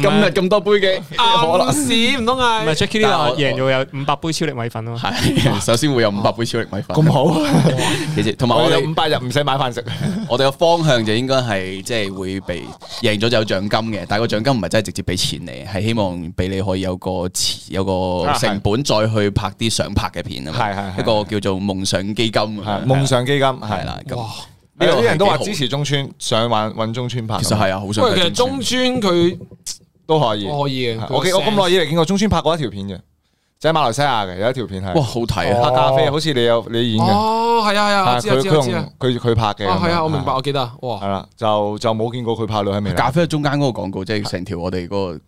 今日咁多杯嘅，啱啦，唔通係？唔係 check 呢個贏咗會有五百杯超力米粉咯。係，首先會有五百杯超力米粉。咁好，其實同埋我哋五百日唔使買飯食。我哋嘅方向就應該係，即係會被贏咗就有獎金嘅，但係個獎金唔係真係直接俾錢你，係希望俾你可以有個有個成本再去拍啲想拍嘅片啊。係係係一個叫做夢想基金，夢想基金係啦。有啲人都話支持中村，想揾揾中村拍。其實係啊，好想。因為其實中村佢都可以，可以我咁耐以嚟見過中村拍過一條片嘅，就喺馬來西亞嘅有一條片係。哇，好睇啊！拍咖啡好似你有你演嘅。哦，係啊係啊，知知知啊。佢佢拍嘅。係啊，我明白，我記得哇！係啦，就就冇見過佢拍到喺咩？咖啡中間嗰個廣告即係成條我哋嗰個。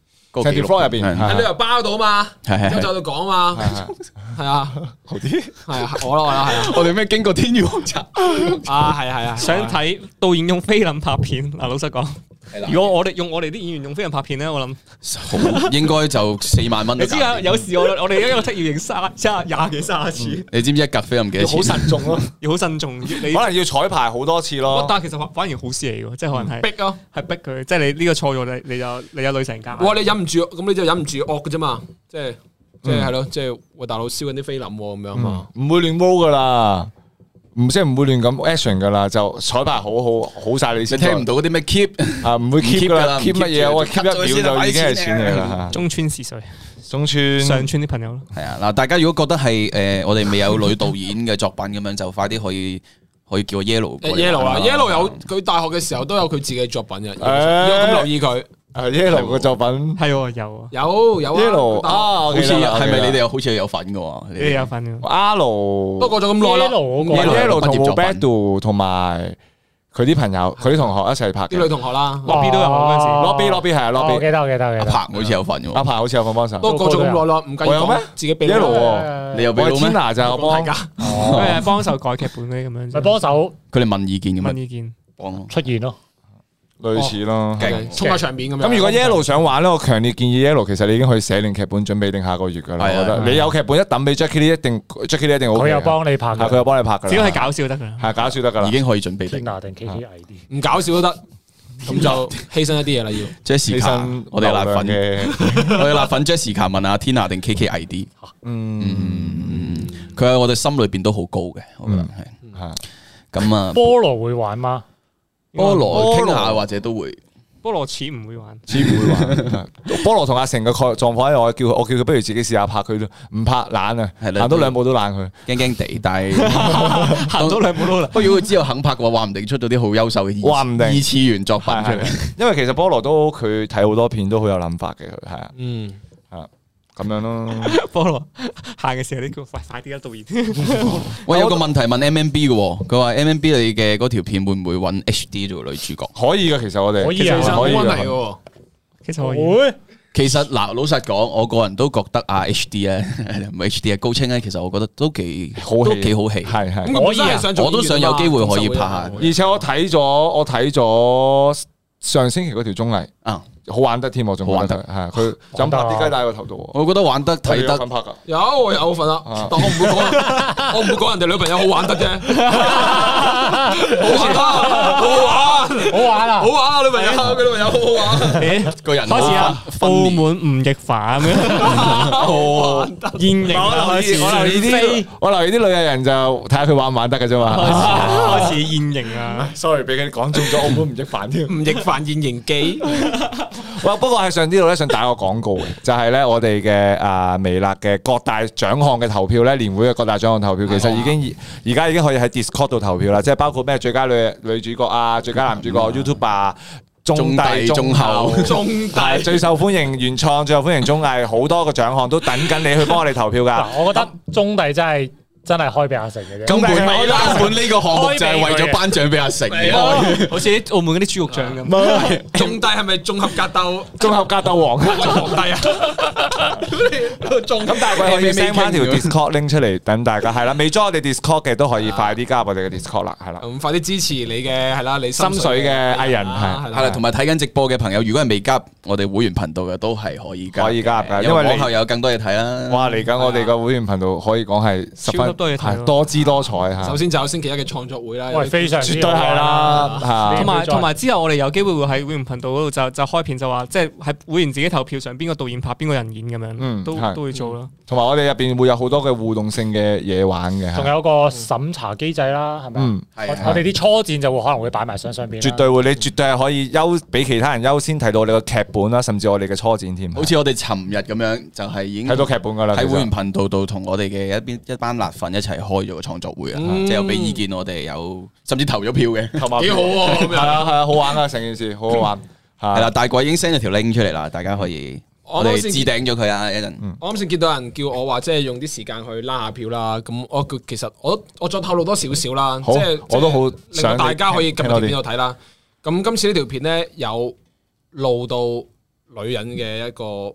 喺條 floor 入邊，喺旅遊包度嘛，咁就度講嘛，係啊，好啲，係我啦，我啦，我哋咩經過天宇皇澤啊，係係啊， 想睇導演用菲林拍片，嗱老實講。如果我哋用我哋啲演員用菲林拍片咧，我諗 應該就四萬蚊。你知啊？有時我我哋一個職業型，三差廿幾三十次。 你知唔知一格菲林咁幾錢？好慎重咯，要好慎重。你 可能要彩排好多次咯。但係其實反而好事嚟嘅，即係可能係逼咯、啊，係逼佢。即係你呢個錯咗，你你就你有女神教。哇！你忍唔住，咁你就忍唔住惡㗎啫嘛。即係、嗯、即係係咯，即係我大佬燒緊啲菲林咁樣嘛，唔、嗯、會亂摸噶啦。唔即係唔會亂咁 action 噶啦，就彩排好好好晒你先，你聽唔到嗰啲咩 keep 啊，唔會 keep 噶啦，keep 乜嘢啊？我 keep 一秒就已經係錢嚟啦。中村是誰？中村、上村啲朋友咯。係啊，嗱，大家如果覺得係誒、呃，我哋未有女導演嘅作品咁樣，就快啲可，可以叫個 yellow，yellow 啦，yellow 有佢大學嘅時候都有佢自己作品嘅，咁、啊、留意佢。啊 Yellow 嘅作品係有有有 Yellow 啊，好似係咪你哋有好似有份嘅？你哋有份嘅。Alu 都過咗咁耐啦。Alu，Yellow 同 Battle 同埋佢啲朋友，佢啲同學一齊拍啲女同學啦。諾比都有嗰陣時。諾比諾比係啊，諾比。記得，我記得。阿柏好似有份嘅。阿柏好似有份幫手。都過咗咁耐，耐唔緊要。我有咩？自己俾。Yellow 你又俾老。係 Chyna 就係啊。係啊。誒，幫手改劇本咩咁樣？咪幫手。佢哋問意見嘅咩？問意見。出現咯。類似咯，衝下場面咁樣。咁如果 Yellow 想玩咧，我強烈建議 Yellow 其實你已經可以寫定劇本，準備定下個月噶啦。我覺得你有劇本一等俾 Jackie 咧，一定 Jackie 一定好。佢又幫你拍，佢又幫你拍噶啦。只要係搞笑得噶啦，係搞笑得噶啦，已經可以準備定。Tina 定 K K 矮啲，唔搞笑都得，咁就犧牲一啲嘢啦。要 Jessica，我哋辣粉嘅，我哋辣粉 Jessica 問啊，Tina 定 K K 矮啲？嗯，佢喺我哋心裏邊都好高嘅，我覺得係吓咁啊。菠蘿會玩嗎？菠蘿傾下羅或者都會，菠蘿似唔會玩，似唔會玩。菠蘿同阿成嘅概狀況喺我叫，佢，我叫佢不如自己試下拍佢，唔拍懶啊，懶兩行到兩步都懶佢，驚驚地。但係 行到兩步都懶。不過如果佢之後肯拍嘅話，話唔定出到啲好優秀嘅二二次元作品出嚟 。因為其實菠蘿都佢睇好多片都，都好有諗法嘅佢係啊。嗯。咁樣咯，菠蘿行嘅時候你叫快快啲一度熱。我有個問題問 MMB 嘅，佢話 MMB 你嘅嗰條片會唔會搵 HD 做女主角？可以噶，其實我哋可以，冇問題嘅，其實可以。其實嗱，老實講，我個人都覺得啊，HD 咧，HD 係高清咧，其實我覺得都幾好，都幾好戲，係係。我依家想，我都想有機會可以拍下。而且我睇咗，我睇咗上星期嗰條綜藝啊。好玩得添喎，仲好玩得，係佢就拍啲雞帶個頭度。我覺得玩得睇得有份拍噶，有有份啦，但我唔會講啊，我唔會講人哋女朋友好玩得啫，好玩得，好玩，好玩啦，好玩啊，女朋友佢女朋友好好玩。咦，個人開始啊，澳門吳亦凡啊，現形啊，開始。我留意啲，我留意啲女藝人就睇下佢玩唔玩得嘅啫嘛。開始現形啊，sorry，俾佢講中咗澳門吳亦凡添。吳亦凡現形記。哇！ 不過喺上邊度咧，想打個廣告嘅，就係、是、咧我哋嘅啊微辣嘅各大獎項嘅投票咧，年會嘅各大獎項投票，投票哇其實已經而家已經可以喺 Discord 度投票啦，即係包括咩最佳女女主角啊、最佳男主角、YouTuber 中、中大、中後、中大，最受歡迎、原創、最受歡迎中藝，好多個獎項都等緊你去幫我哋投票噶。 我覺得中大真係。真係開俾阿成嘅啫，根本唔係。澳門呢個項目就係為咗頒獎俾阿成，好似澳門嗰啲豬肉醬咁。仲低係咪綜合格鬥？綜合格鬥王啊，中大啊。咁大貴可以 send 翻條 Discord 拎出嚟等大家，係啦，未 join 我哋 Discord 嘅都可以快啲加入我哋嘅 Discord 啦，係啦。咁快啲支持你嘅，係啦，你心水嘅藝人係，係啦，同埋睇緊直播嘅朋友，如果係未加入我哋會員頻道嘅，都係可以加。可以加入，因為往後有更多嘢睇啦。哇，嚟緊我哋個會員頻道可以講係十分。都要多姿多彩，首先就有星期一嘅創作會啦，非常絕對係啦，同埋同埋之後，我哋有機會會喺會員頻道嗰度就就開片就話，即係喺會員自己投票上邊個導演拍邊個人演咁樣，都都會做咯。同埋我哋入邊會有好多嘅互動性嘅嘢玩嘅。仲有個審查機制啦，係咪？我哋啲初剪就會可能會擺埋相上邊。絕對會，你絕對係可以優俾其他人優先睇到你個劇本啦，甚至我哋嘅初剪添。好似我哋尋日咁樣，就係已經睇到劇本㗎啦。喺會員頻道度同我哋嘅一邊一班一齊開咗個創作會啊，即係有俾意見，我哋有甚至投咗票嘅，幾好喎，係啊係啊，好玩啊成件事，好好玩，係啦。大鬼已經 send 咗條 link 出嚟啦，大家可以我哋置頂咗佢啊。一陣我啱先見到人叫我話，即係用啲時間去拉下票啦。咁我其實我我再透露多少少啦，即係我都好想大家可以今日片度睇啦。咁今次呢條片咧有露到女人嘅一個。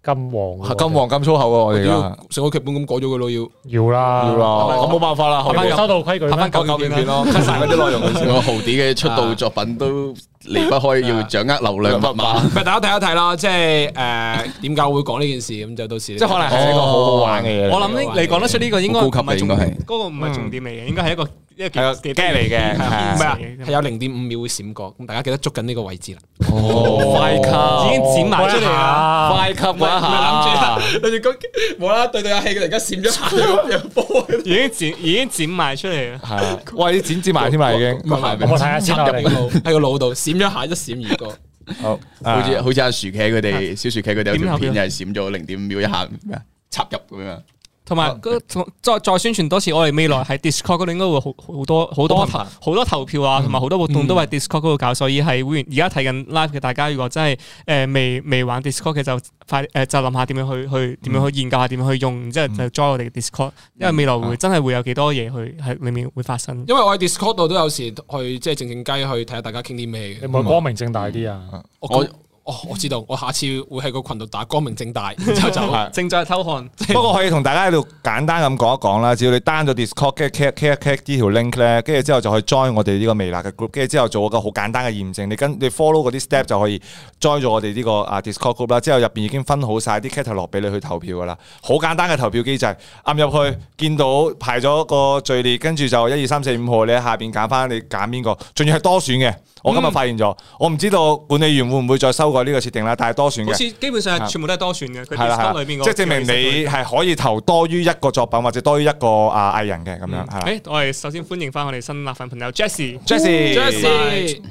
金黃啊！金黃咁粗口啊，我哋要成個劇本咁改咗佢咯，要要啦，我冇辦法啦，收翻收到規矩，拍翻舊嘅片段咯。晒啲內容，豪啲嘅出道作品都離不開要掌握流量密碼。唔係大家睇一睇啦，即係誒點解我會講呢件事咁就到時。即係可能係一個好好玩嘅嘢。我諗你講得出呢個應該，嗰個唔係重點嚟嘅，應該係一個。係啊，嚟嘅，係啊？係有零點五秒會閃過，咁大家記得捉緊呢個位置啦。哦，快 cut 已經剪埋出嚟啦，快 cut 一下。住，跟住咁冇啦，對對下氣，佢而家閃咗一下，已經剪，已經剪埋出嚟啊！係，哇，剪剪埋添啦已經。我睇下插入喺個腦度閃咗下，一閃而過。好，好似好似阿薯茄佢哋，小薯茄佢哋有條片就係閃咗零點五秒一下，插入咁樣。同埋，再再宣傳多次，我哋未來喺 Discord 度應該會好好多好多好多投票啊，同埋好多活動都係 Discord 度搞，所以係會員而家睇緊 live 嘅大家，如果真係誒未未玩 Discord 嘅，就快誒、呃、就諗下點樣去去點樣去，去研究下點樣去用，然之後就 join 我哋嘅 Discord，嗯、因為未來會、啊、真係會有幾多嘢去喺裡面會發生。因為我喺 Discord 度都有時去即係、就是、靜靜雞去睇下大家傾啲咩，你唔係光明正大啲啊？嗯、我。我哦，我知道，我下次會喺個群度打，光明正大，然之後就走，正在偷看。 不過可以同大家喺度簡單咁講一講啦。只要你 down 咗 Discord 嘅 cat cat cat 呢條 link 咧，跟住之後就可以 join 我哋呢個微辣嘅 group。跟住之後做一個好簡單嘅驗證，你跟你 follow 嗰啲 step 就可以 join 咗我哋呢個啊 Discord group 啦。之後入邊已經分好晒啲 catalog 俾你去投票噶啦，好簡單嘅投票機制。按入去見到排咗個序列，跟住就一二三四五號，你喺下邊揀翻你揀邊個，仲要係多選嘅。我今日發現咗，我唔知道管理員會唔會再修改。嗯嗯呢個設定啦但係多選嘅基本上全部都係多選嘅佢係啦裏邊個即係證明你係可以投多於一個作品或者多於一個啊藝人嘅咁樣，係啦。誒，我哋首先歡迎翻我哋新立份朋友 Jessie Jessie Jessie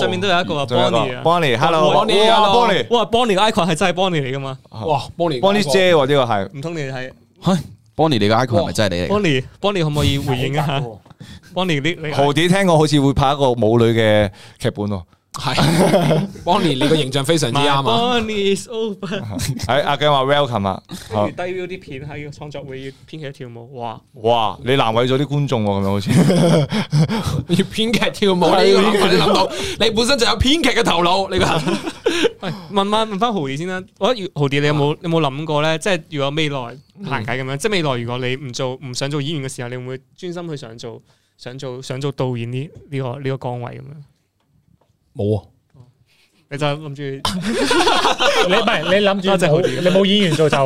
上面都有一個啊 Bonnie Bonnie hello Bonnie hello Bonnie 哇 Bonnie icon 係真係 Bonnie 嚟噶嘛，哇 Bonnie 姐呢個係，唔通你係 Bonnie 你嘅 icon 係真係你嚟 Bonnie Bonnie 可唔可以回應一下？Bonnie，你你，豪 Dee 聽過好似會拍一個舞女嘅劇本咯，係 Bonnie，你個形象非常之啱啊，係阿 Gem 話 Welcome 啊， 要低 v 啲片喺創作會編劇跳舞，哇哇，你難為咗啲觀眾喎，咁樣好似 要編劇跳舞呢諗 到你本身就有編劇嘅頭腦，你個。喂 問問問翻豪 Dee 先啦，我豪 Dee，你有冇有冇諗過咧？即係如果未來難解咁樣，即係是是未來如果你唔做唔想做演員嘅時候，你會唔會專心去想做？想做想做導演呢個呢個崗位咁樣，冇啊。你就諗住 你唔係 你諗住，好你冇演員做就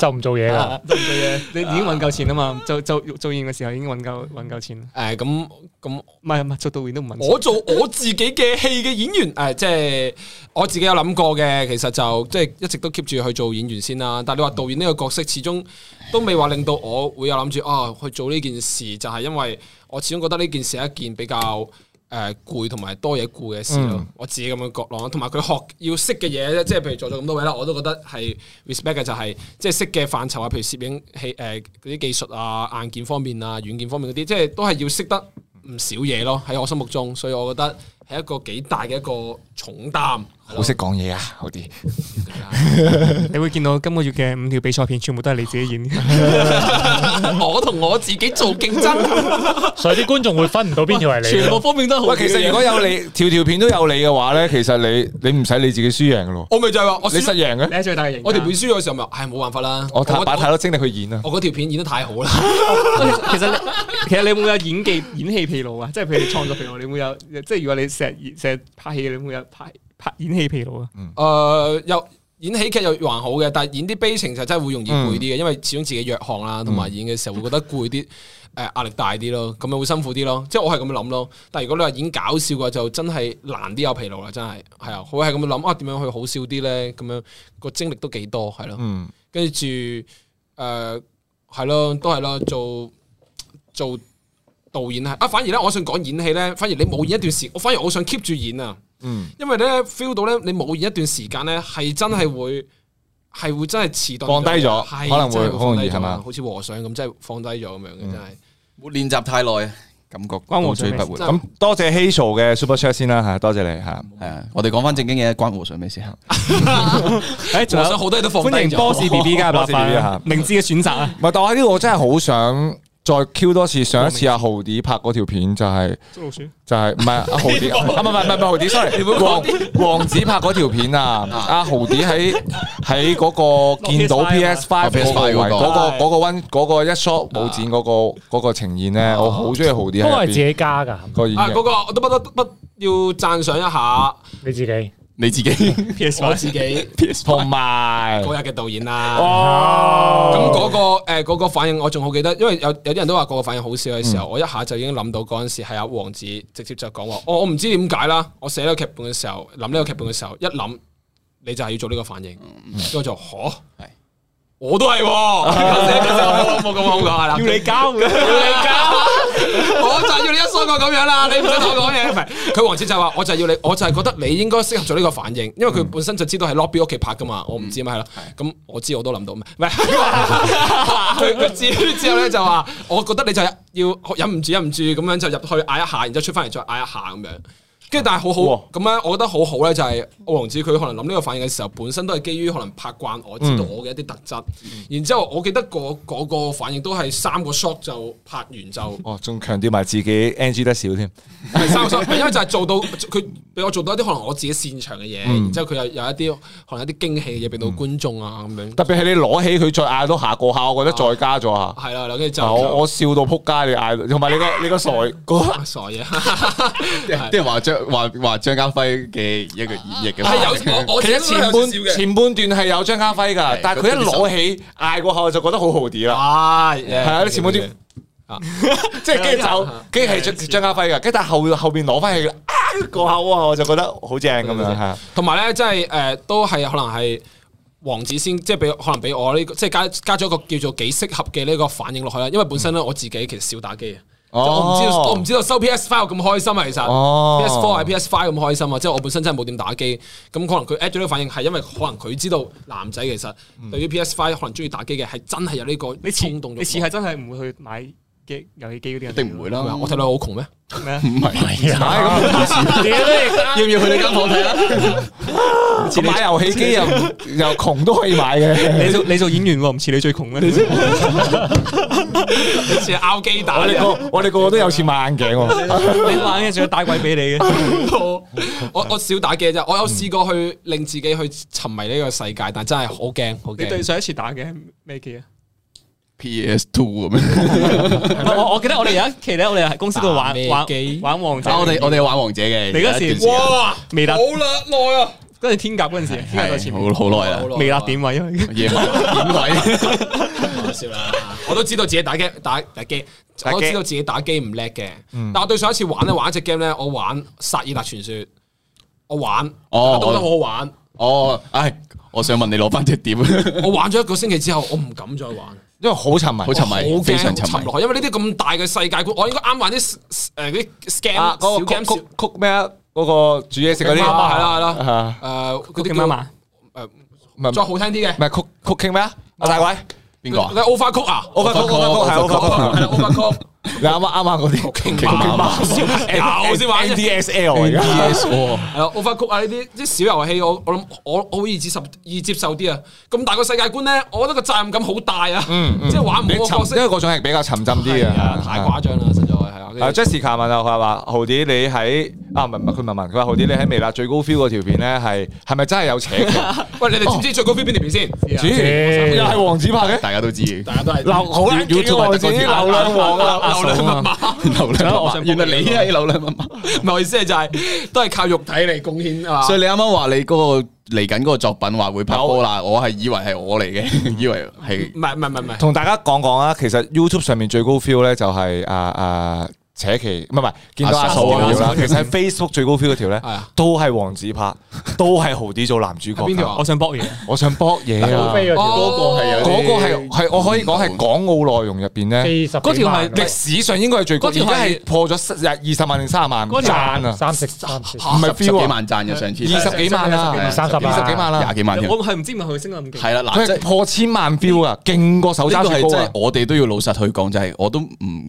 就唔做嘢噶，唔、啊、做嘢。你已經揾夠錢啦嘛，就就、啊、做，做演嘅時候已經揾夠揾夠錢。誒、呃，咁咁唔係，唔係做導演都唔揾。我做我自己嘅戲嘅演員，誒、 呃，即、就、係、是、我自己有諗過嘅。其實就即係、就是、一直都 keep 住去做演員先啦、啊。但係你話導演呢個角色，始終都未話令到我會有諗住啊去做呢件事，就係、是、因為我始終覺得呢件事係一件比較。誒，攰同埋多嘢攰嘅事咯，嗯、我自己咁樣覺咯，同埋佢學要識嘅嘢，即係譬如做咗咁多位啦，我都覺得係 respect 嘅就係、是，即係識嘅範疇啊，譬如攝影器誒嗰啲技術啊、硬件方面啊、軟件方面嗰啲，即係都係要識得唔少嘢咯，喺我心目中，所以我覺得係一個幾大嘅一個重擔。好識講嘢啊，好啲！你會見到今個月嘅五條比賽片，全部都係你自己演。 我同我自己做競爭， 所以啲觀眾會分唔到邊條係你。全部方面都好。其實如果有你條條片都有你嘅話咧，其實你你唔使你自己輸贏嘅咯。我咪就係話，你實贏嘅。你係最大贏。我條片輸咗嘅時候咪係冇辦法啦。我太我我把太多精力去演啊。我嗰條片演得太好啦。 其實其實你會唔會有，有演技演戲疲勞啊？即係譬如創作疲勞，你會有，有？即係如果你成日成日拍戲，你會有拍。拍演戲疲勞啊！誒、呃，又演喜劇又還好嘅，但係演啲悲情就真係會容易攰啲嘅，嗯、因為始終自己弱項啦，同埋演嘅時候會覺得攰啲，誒壓、嗯呃、力大啲咯，咁樣會辛苦啲咯。即係我係咁樣諗咯。但係如果你話演搞笑嘅話就真係難啲有疲勞啦，真係係啊。我係咁樣諗啊，點樣去好笑啲呢？咁樣個精力都幾多係咯。跟住誒係咯，都係咯、啊，做做導演係啊。反而咧，我想講演戲咧，反而你冇演一段時間，我反而我想 keep 住演啊。嗯，因為咧 feel 到咧，你冇練一段時間咧，係真係會係會真係遲鈍，放低咗，可能會好容易，係嘛，好似和尚咁，真係放低咗咁樣嘅，真係冇練習太耐，感覺關我最不會。咁多謝 Hazel 嘅 Super Chat 先啦吓，多謝你吓，係我哋講翻正經嘅，關和尚咩先？啊？誒，和尚好多嘢都放低，歡迎多士 B B 加多士 B B 吓，明智嘅選擇啊！唔係，但係呢，我真係好想。再 Q 多次上一次阿、啊、豪 Dee 拍嗰條片就係、是，就係唔係阿豪 Dee 啊，唔係唔係唔係豪 Dee、啊、，sorry，王王子拍嗰條片啊，阿、啊啊、豪 Dee 喺喺嗰個見到 PS Five、那個嗰、那個 one 嗰對、那個那個一 shot 冇剪嗰個嗰、那個呈現咧，我好中意豪 Dee 啊，都係自己加㗎，個啊、那個我都不得不要讚賞一下你自己。你自己，PS 我自己，PS, PS 4同埋嗰日嘅導演啦、啊。哦，咁嗰、嗯那個誒、欸那個反應我仲好記得，因為有有啲人都話嗰個反應好笑嘅時候，嗯、我一下就已經諗到嗰陣時係阿王子直接就講話、哦，我我唔知點解啦。我寫咗個劇本嘅時候，諗呢個劇本嘅時候，一諗你就係要做呢個反應，嗯嗯、我就吓，係、嗯、我都係、啊，冇講冇講，要你交！要你交！ 我就要你一衰個咁樣啦、啊，你唔使我講嘢？係，佢王子就話，我就要你，我就係覺得你應該適合做呢個反應，因為佢本身就知道係 lobby 屋企拍噶嘛，我唔知咪係咯。咁、嗯、我知我都諗到，咪咪佢佢至於之後咧就話，我覺得你就要忍唔住，忍唔住咁樣就入去嗌一下，然之後出翻嚟再嗌一下咁樣。跟住但係好好咁咧，我覺得好好咧，就係奧王子佢可能諗呢個反應嘅時候，本身都係基於可能拍慣我，知道我嘅一啲特質。然之後我記得嗰個反應都係三個 shot 就拍完就。哦，仲強調埋自己 NG 得少添。三個，因為就係做到佢俾我做到一啲可能我自己擅長嘅嘢，然之後佢又有一啲可能一啲驚喜嘅嘢俾到觀眾啊咁樣。特別係你攞起佢再嗌多下個下，我覺得再加咗下。係啦，跟住就我笑到撲街你嗌，同埋你個你個傻傻嘢，即係話話話張家輝嘅一個演繹嘅，係有，其實前半前半段係有張家輝噶，但係佢一攞起嗌嗰口就覺得好好啲啦，係啊，前半段啊，即係跟住走，跟住係張家輝噶，跟住但係後後邊攞翻起嗰口啊，我就覺得好正咁樣。同埋咧，即係誒，都係可能係王子先，即係俾可能俾我呢，即係加加咗個叫做幾適合嘅呢個反應落去啦。因為本身咧我自己其實少打機啊。哦、我唔知道，我唔知道收 PS Five 咁開心啊！其實、哦、PS Four 係 PS Five 咁開心啊！哦、即係我本身真係冇點打機，咁可能佢 at 咗呢個反應係因為可能佢知道男仔其實對於 PS Five 可能中意打機嘅係真係有呢個你衝動，你似係真係唔會去買機遊戲機嗰啲人，一定唔會啦！嗯、我睇落好窮咩？咩啊？唔係啊， 要唔要去你間房睇啊？買遊戲機又又窮都可以買嘅，你做的你做演員喎，唔似你最窮嘅。你似 out 機打呢我哋也個，的個個都有錢買眼鏡喎、啊。你買嘅仲要帶鬼俾你嘅， 我我少打機嘅咋，我有試過去令自己去沉迷呢個世界，但真係好驚好驚。你對上一次打機咩機啊？P.S. 2咁樣，我我記得我哋有一期咧，我哋喺公司度玩玩王者。我哋我哋玩王者嘅。你嗰時哇，未打好啦，耐啊！跟住天鴿嗰陣時，係好耐啦，未打點位，夜晚點位。笑啦，我都知道自己打機打打機，我都知道自己打機唔叻嘅。但我對上一次玩咧玩一隻 game 咧，我玩《薩爾達傳說》，我玩，我覺得好好玩，哦，唉，我想問你攞翻隻點？我玩咗一個星期之後，我唔敢再玩。因為好沉迷，好沉迷，好，非常沉迷。因為呢啲咁大嘅世界觀，我應該啱玩啲誒嗰啲 scam 嗰個曲曲咩啊？嗰個煮嘢食嗰啲啊，係啦係啦，誒嗰啲叫咩啊？誒再好聽啲嘅，唔係曲曲傾咩啊？阿大衛邊個？你奧巴曲啊？奧巴曲，奧巴曲，奧巴曲，奧巴曲。你啱啱啱嗰啲，我傾先，有先玩 D S L，係啊，我發覺啊，呢啲啲小遊戲，我我諗我我好易接受易接受啲啊，咁大個世界觀咧，我覺得個責任感好大啊，即係玩唔起個角色，因為嗰種係比較沉浸啲啊，太誇張啦，實在。阿 Jessica 問啊佢話豪 Dee 你喺啊唔佢問問佢話豪 Dee 你喺微辣最高 feel 嗰條片咧係係咪真係有請？喂你哋知唔知最高 feel 邊條片先？主要係王子拍嘅，大家都知，大家都係嗱好啦，流量王啊，流量王，原來你係流量王，唔係意思係就係都係靠肉體嚟貢獻啊！所以你啱啱話你嗰個。嚟緊嗰個作品話會拍波啦，我係以為係我嚟嘅， 以為係，唔係唔係唔係，同大家講講啊，其實 YouTube 上面最高 feel 咧就係啊啊，呃呃扯其唔係唔係，見到阿嫂嗰條啦。其實喺 Facebook 最高 feel 嗰條咧，都係黃子柏，都係豪 Dee 做男主角。邊條啊？我想博嘢，我想博嘢啊！嗰個係，嗰個係我可以講係港澳內容入邊呢。嗰條係歷史上應該係最高，而家係破咗二十萬定三十萬讚啊！三十、三十幾萬讚嘅上次二十幾萬啊！三十幾萬啦，廿幾萬。我係唔知點解佢升得咁勁。係啦，佢係破千萬 feel 啊，勁過手揸住即係，即係啊！我哋都要老實去講，就係我都唔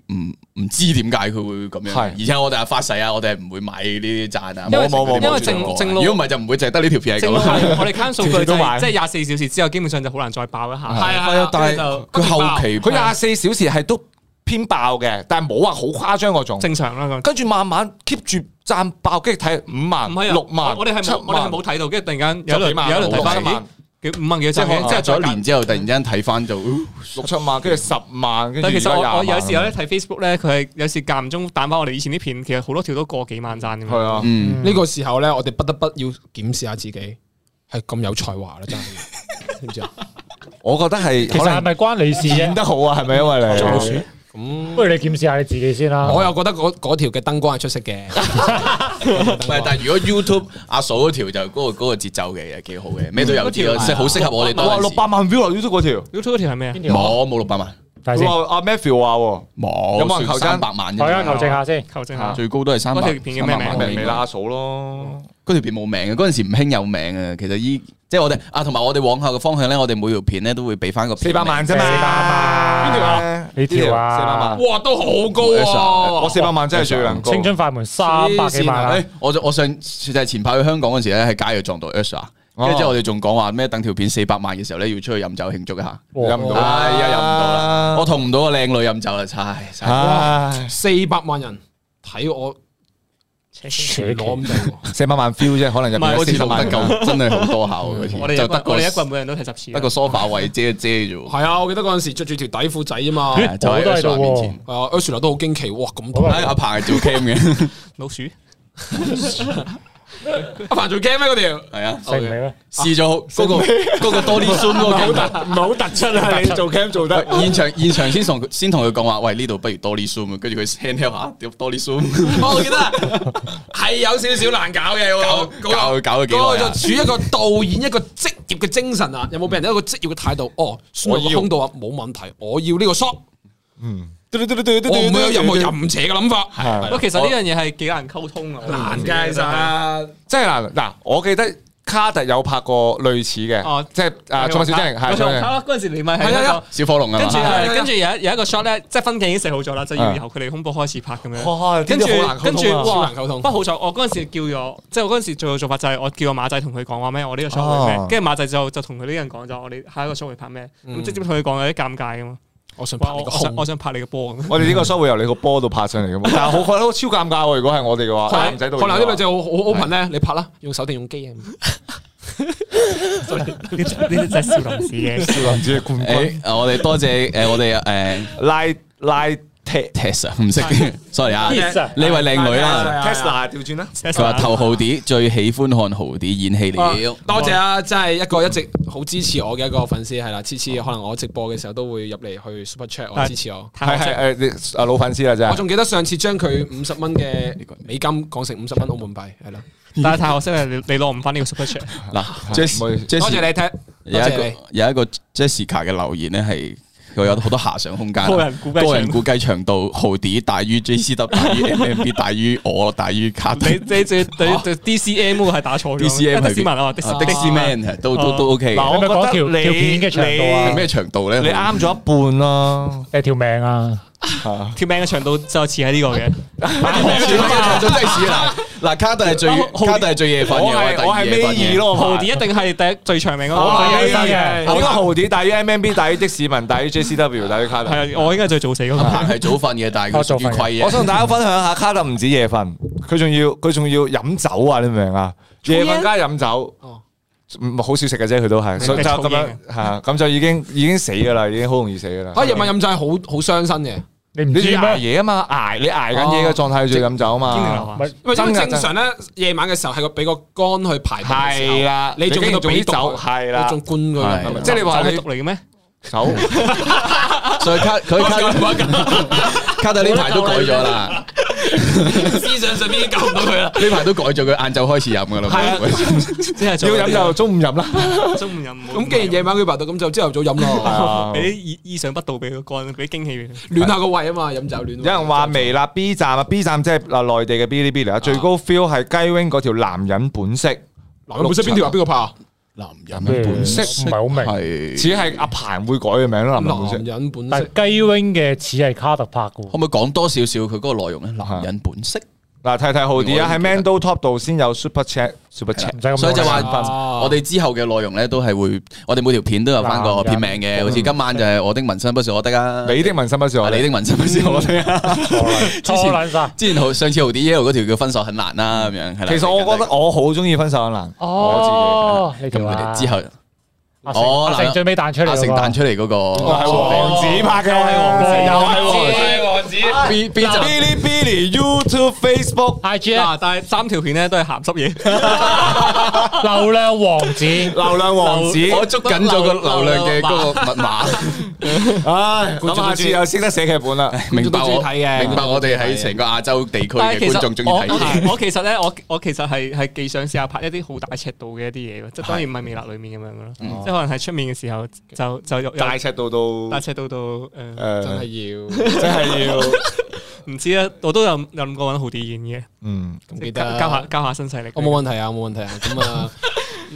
唔唔知點解佢。會咁樣，而且我哋係發誓啊，我哋係唔會買呢啲讚啊。冇冇冇，因為正正路，如果唔係就唔會淨係得呢條片。咁，我哋看數據即係即係廿四小時之後，基本上就好難再爆一下。係啊，係啊，但係佢後期佢廿四小時係都偏爆嘅，但係冇話好誇張嗰種。正常啦，咁跟住慢慢 keep 住讚爆，跟住睇五萬、六萬，我哋係我我係冇睇到，跟住突然間有幾萬，有兩翻五萬幾讚，即係咗一年之後，突然之間睇翻就六七萬，跟住十萬，跟住而家廿萬。但係其實我有時候咧睇 Facebook 咧，佢係有時間唔中彈翻我哋以前啲片，其實好多條都過幾萬讚嘅。係啊，呢個時候咧，我哋不得不要檢視下自己係咁有才華啦，真係。知唔知啊？我覺得係，其實係咪關你事？影得好啊，係咪因為你？不如你檢視下你自己先啦。我又覺得嗰條嘅燈光係出色嘅。唔係，但係如果 YouTube 阿嫂嗰條就嗰個嗰個節奏嘅係幾好嘅，咩都有。嗰條好適合我哋。哇，六百萬 view 啊！YouTube 嗰條，YouTube 嗰條係咩啊？邊條？冇冇六百萬。佢話阿 Matthew 話冇。咁冇求生？百萬，我求證下先，求證下。最高都係三萬。嗰條片叫咩名？阿嫂咯。嗰條片冇名嘅，嗰陣時唔興有名嘅。其實依即係我哋啊，同埋我哋往後嘅方向咧，我哋每條片咧都會俾翻個四百萬啫嘛。你條啊，四百萬，哇，都好高啊！我四百萬真係最能高。青春快門三百幾萬、啊。我我上就係前排去香港嗰時咧，喺街度撞到 Esa 跟住之後我哋仲講話咩？等條片四百萬嘅時候咧，要出去飲酒慶祝一下。飲唔到啦，依家飲唔到啦。我同唔到個靚女飲酒啦，差唉。四百萬人睇我。全攞唔到，四百萬 feel 啫，可能又唔係四百萬，真係好多口，我哋就得，我哋一個 一每人都睇十次，不過 梳化位遮一遮啫。係啊，我記得嗰陣時著住條底褲仔啊嘛，咦欸、就喺 sofa 面前。阿樹劉都好驚奇，哇！咁多阿彭、啊、做 cam 嘅 老鼠。 阿凡做 cam 咩嗰條？係啊，係咩？試做嗰個個多啲 zoom 嗰個 cam，唔係好突出啊！做 cam e 做得現場現場先同先同佢講話，喂呢度不如多啲 zoom，跟住佢聽下屌多啲 zoom，我記得係有少少難搞嘅，我搞搞就處於一個導演一個職業嘅精神啊！有冇俾人一個職業嘅態度？哦，我以通道啊，冇問題，我要呢個 shot，嗯。我冇有任何淫邪嘅諗法。不過其實呢樣嘢係幾難溝通嘅。難噶，其實真係難。嗱，我記得卡特有拍過類似嘅。哦，即係啊，仲有小精靈係。嗰陣時你咪係一個小火龍啊。跟住，跟住有有一個 shot 咧，即係分鏡已經寫好咗啦，就要由佢哋恐怖開始拍咁樣。跟住跟住哇，超難溝通。不過好彩，我嗰陣時叫咗，即係我嗰陣時做嘅做法就係我叫個馬仔同佢講話咩，我呢個 shot 要咩，跟住馬仔就就同佢呢啲人講咗：「我哋下一個 shot 會拍咩，咁直接同佢講有啲尷尬噶。我想拍你個，我想拍你個波。 我哋呢個 show 會由你個波度拍上嚟嘅嘛？ 但嗱，好，覺得超尷尬喎。如果係我哋嘅話，唔使都。可能啲咪就係好 open 咧，你拍啦，是用手定用機影。呢啲係少林寺嘅少林寺嘅冠軍。 hey, 我哋多謝誒，我哋誒拉拉。t e s a 唔識，sorry 啊，呢位靚女啊 t e s t 啦，調轉啦，佢話頭豪 Dee 最喜歡看豪 Dee 演戲料，多謝啊，真係一個一直好支持我嘅一個粉絲係啦，次次可能我直播嘅時候都會入嚟，去 super chat 我，支持我，係。係啊，老粉絲啦真係，我仲記得上次將佢五十蚊嘅美金講成五十蚊澳門幣。係啦，但係太可惜啦，你攞唔翻呢個 super chat 嗱，多謝你睇，有一個有一個 Jessica 嘅留言咧。係。佢有好多遐想空間，個人估計長度豪 Dee 大於 J C W 大於 M M B 大於我大於卡，你你最 D C M 係打錯，D C M 係的士文啊，的士 man 都都都 O K。嗱，我覺得你你條片嘅長度呀係咩長度咧？你啱咗一半囉，係條命啊！條名唱到就似係呢個嘅，真係似啦。嗱，卡特係最卡特係最夜瞓嘅，我係我尾二咯？豪迪一定係第一最長命啊！我係第一嘅，我覺得豪迪大於 MMB，大於的士文，大於 J C W，大於卡特。係我應該最早死個。卡特係早瞓嘅，但係我屬於攰嘅。我想同大家分享下，卡特唔止夜瞓，佢仲要佢仲要飲酒啊！你明唔明啊？夜瞓加飲酒。好少食嘅啫，佢都係，所以就咁樣吓，咁就已經已經死噶啦，已經好容易死噶啦。啊，夜晚飲酒係好好傷身嘅，你唔知，你捱夜啊嘛，捱你捱緊夜嘅狀態就飲酒啊嘛。正常咧，夜晚嘅時候係個俾個肝去排毒嘅時候。係啦，你仲喺度俾酒，係啦，仲灌佢，即係你話你酒嚟嘅咩？所以卡佢卡卡到呢排都改咗啦，思想上邊已經救唔到佢啦。呢排都改咗，佢晏晝開始飲噶啦，係啊，要飲就中午飲啦，中午飲。咁既然夜晚佢白到，咁就朝頭早飲咯，俾意意想不到，俾佢乾，俾驚喜，暖下個胃啊嘛，飲酒暖。有人話微辣 B 站啊，B 站即係嗱內地嘅嗶哩嗶哩啊，最高 feel 係雞 wing 嗰條男人本色，男人本色邊條話邊個拍啊？男人嘅本色唔係好明，似係阿彭會改嘅名啦。男人本色，雞 wing 嘅似係卡特拍嘅。可唔可以講多少少佢嗰個內容咧？男人本色。的嗱，睇睇豪 Dee 啊，喺 Man Do Top 度先有 Super Chat，Super Chat，所以就話我哋之後嘅內容咧都係會，我哋每條片都有翻個片名嘅，好似今晚就係我的紋身不是我的啊，你的紋身不是我的，你的紋身不是我的啊，之前上次豪 Dee yellow 嗰條叫分手很難啦，咁樣係其實我覺得我好中意分手很難。哦，佢哋之後，哦，最尾彈出嚟，阿成彈出嚟嗰個，子拍嘅黃成。嗶哩嗶哩、YouTube、Facebook、IG 啊！但係三條片咧都係鹹濕嘢，流量王子，流量王子，我捉緊咗個流量嘅嗰個密碼。唉，下次又先得寫劇本啦。明白我，明白我哋喺成個亞洲地區嘅觀眾中意睇嘅。我其實咧，我我其實係係幾想試下拍一啲好大尺度嘅一啲嘢咯，即係當然唔係微辣裏面咁樣咯，即係可能喺出面嘅時候就就大尺度到。大尺度到，誒，真係要真係要。唔知啊，我都有有諗過揾豪 Dee 演嘅。嗯，記得。交下交下新勢力。我冇問題啊，冇問題啊。咁啊，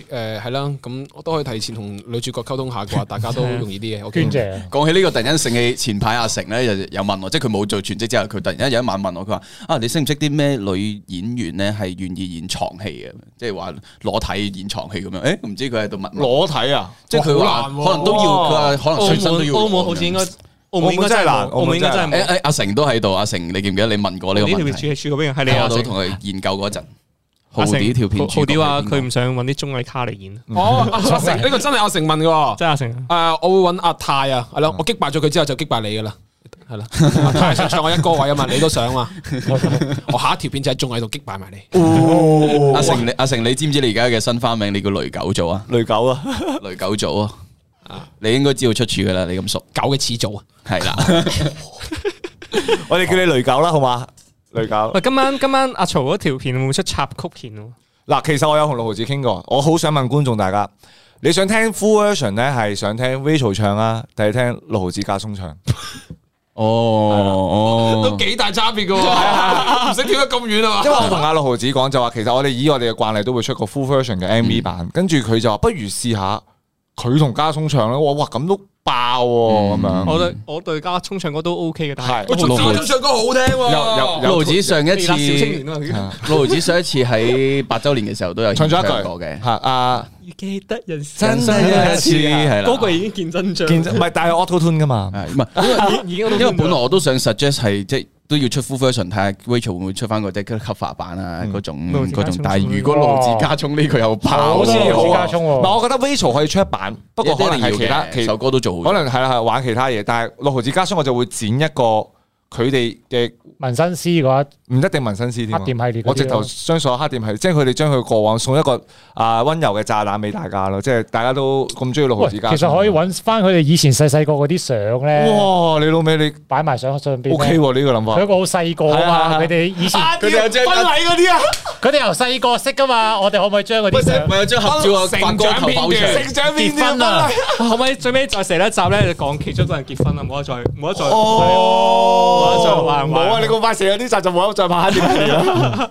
誒，係啦。咁我都可以提前同女主角溝通下嘅話，大家都好容易啲嘅。我捐謝。講起呢個突然間醒起，前排阿成咧，又又問我，即係佢冇做全職之後，佢突然間有一晚問我，佢話：啊，你識唔識啲咩女演員咧？係願意演床戲嘅，即係話裸體演床戲咁樣？誒，唔知佢喺度問裸體啊？即係佢好難可能都要，佢話可能都要。好似應該。我應該真係難，我應該真係。誒誒，阿成都喺度，阿成，你記唔記得你問過呢個問題？阿成，我同佢研究嗰陣，阿成呢條片，阿成話佢唔想揾啲綜藝咖嚟演。哦，阿成，呢個真係阿成問嘅，真係阿成。誒，我會揾阿泰啊，係咯，我擊敗咗佢之後就擊敗你嘅啦，係咯。泰想唱我一個位啊嘛，你都想嘛？我下一條片就喺綜藝度擊敗埋你。阿成，阿成，你知唔知你而家嘅新花名？你叫雷狗組啊？雷狗啊，雷狗組啊！你應該知道出處噶啦，你咁熟狗嘅始祖啊，係啦，我哋叫你雷狗啦，好嘛？雷狗，喂，今晚今晚阿曹嗰條片會唔會出插曲片嗱，其實我有同六毫子傾過，我好想問觀眾大家，你想聽 full version 咧，係想聽 V t 潮唱啊，定係聽六毫子加松唱？ 哦，了哦，都幾大差別噶、啊，唔使 跳得咁遠啊嘛。 因為我同阿六毫子講就話，其實我哋以我哋嘅慣例都會出個 full version 嘅 M V 版，嗯、跟住佢就話不如試下。佢同家聰唱咧，我話哇咁都爆喎，咁樣。我對我對家聰唱歌都 O K 嘅，但係我查家聰唱歌好聽。豪子上一次，小青年豪子上一次喺八周年嘅時候都有唱咗一句嘅，吓阿。記得人生。上一次係啦，嗰句已經見真章。唔係，但係 auto tune 噶嘛。唔係，因為本來我都想 suggest 係即。都要出 full version 睇下 Rachel 會唔會出翻個即刻刻 a 版啊，嗰種、嗯、種，種，但係如果六毫子加充呢個又跑好，六毫子加充、哦，嗱我覺得 Rachel 可以出一版，不過可能係其，其他首歌都做好，其其可能係啦，係玩其他嘢，其但係六毫子加充我就會剪一個。佢哋嘅紋身師嘅話，唔一定紋身師添。黑店系列，我直頭將所有黑店系，即係佢哋將佢過往送一個啊溫柔嘅炸彈俾大家咯，即係大家都咁中意六毫紙價。其實可以揾翻佢哋以前細細個嗰啲相咧。哇！你老味你擺埋相上邊？OK 呢個諗法。佢一個好細個啊嘛，佢哋以前佢哋有婚禮嗰啲啊，佢哋由細個識噶嘛。我哋可唔可以將嗰啲相？唔係將合照啊，成長片嘅成長結婚啊。可唔可以最尾再成一集咧？就講其中嗰人結婚啊，唔好再唔好再冇啊！你咁快成啊。呢集就冇，再拍一集啦。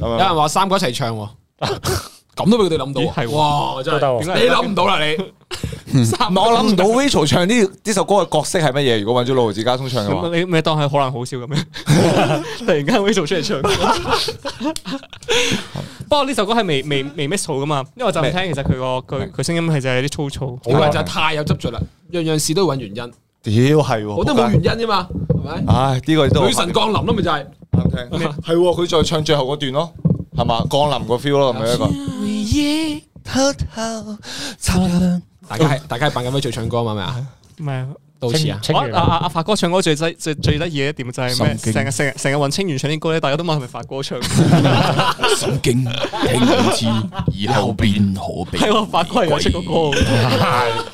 有人話三個一齊唱，咁都俾佢哋諗到，係哇！真係你諗唔到啦，你我諗唔到 Rachel 唱呢呢首歌嘅角色係乜嘢？如果揾咗老虎仔家聰唱嘅話，你咪當係可能好笑咁樣，突然間 Rachel 出嚟唱。不過呢首歌係未未未 Miss 錯噶嘛？因為我就唔聽，其實佢個佢佢聲音係就係啲粗糙。好話真係太有執着啦，樣樣事都要揾原因。妖係喎，哎、我都冇原因啫嘛，係咪？唉、哎，呢、呢個都女神降臨咯，咪就係、係。啱聽，係喎，佢再唱最後嗰段咯，係嘛？降臨 fe 個 feel 咯，咪呢個。大家大家扮緊咩做唱歌嘛？咩啊？唔係。到時啊！阿阿阿發哥唱歌最最得意嘅一點就係成經日成日成日搵清源唱啲歌咧，大家都問係咪發哥唱？神 經聽字，有邊可比？係啊 發哥係有出過歌，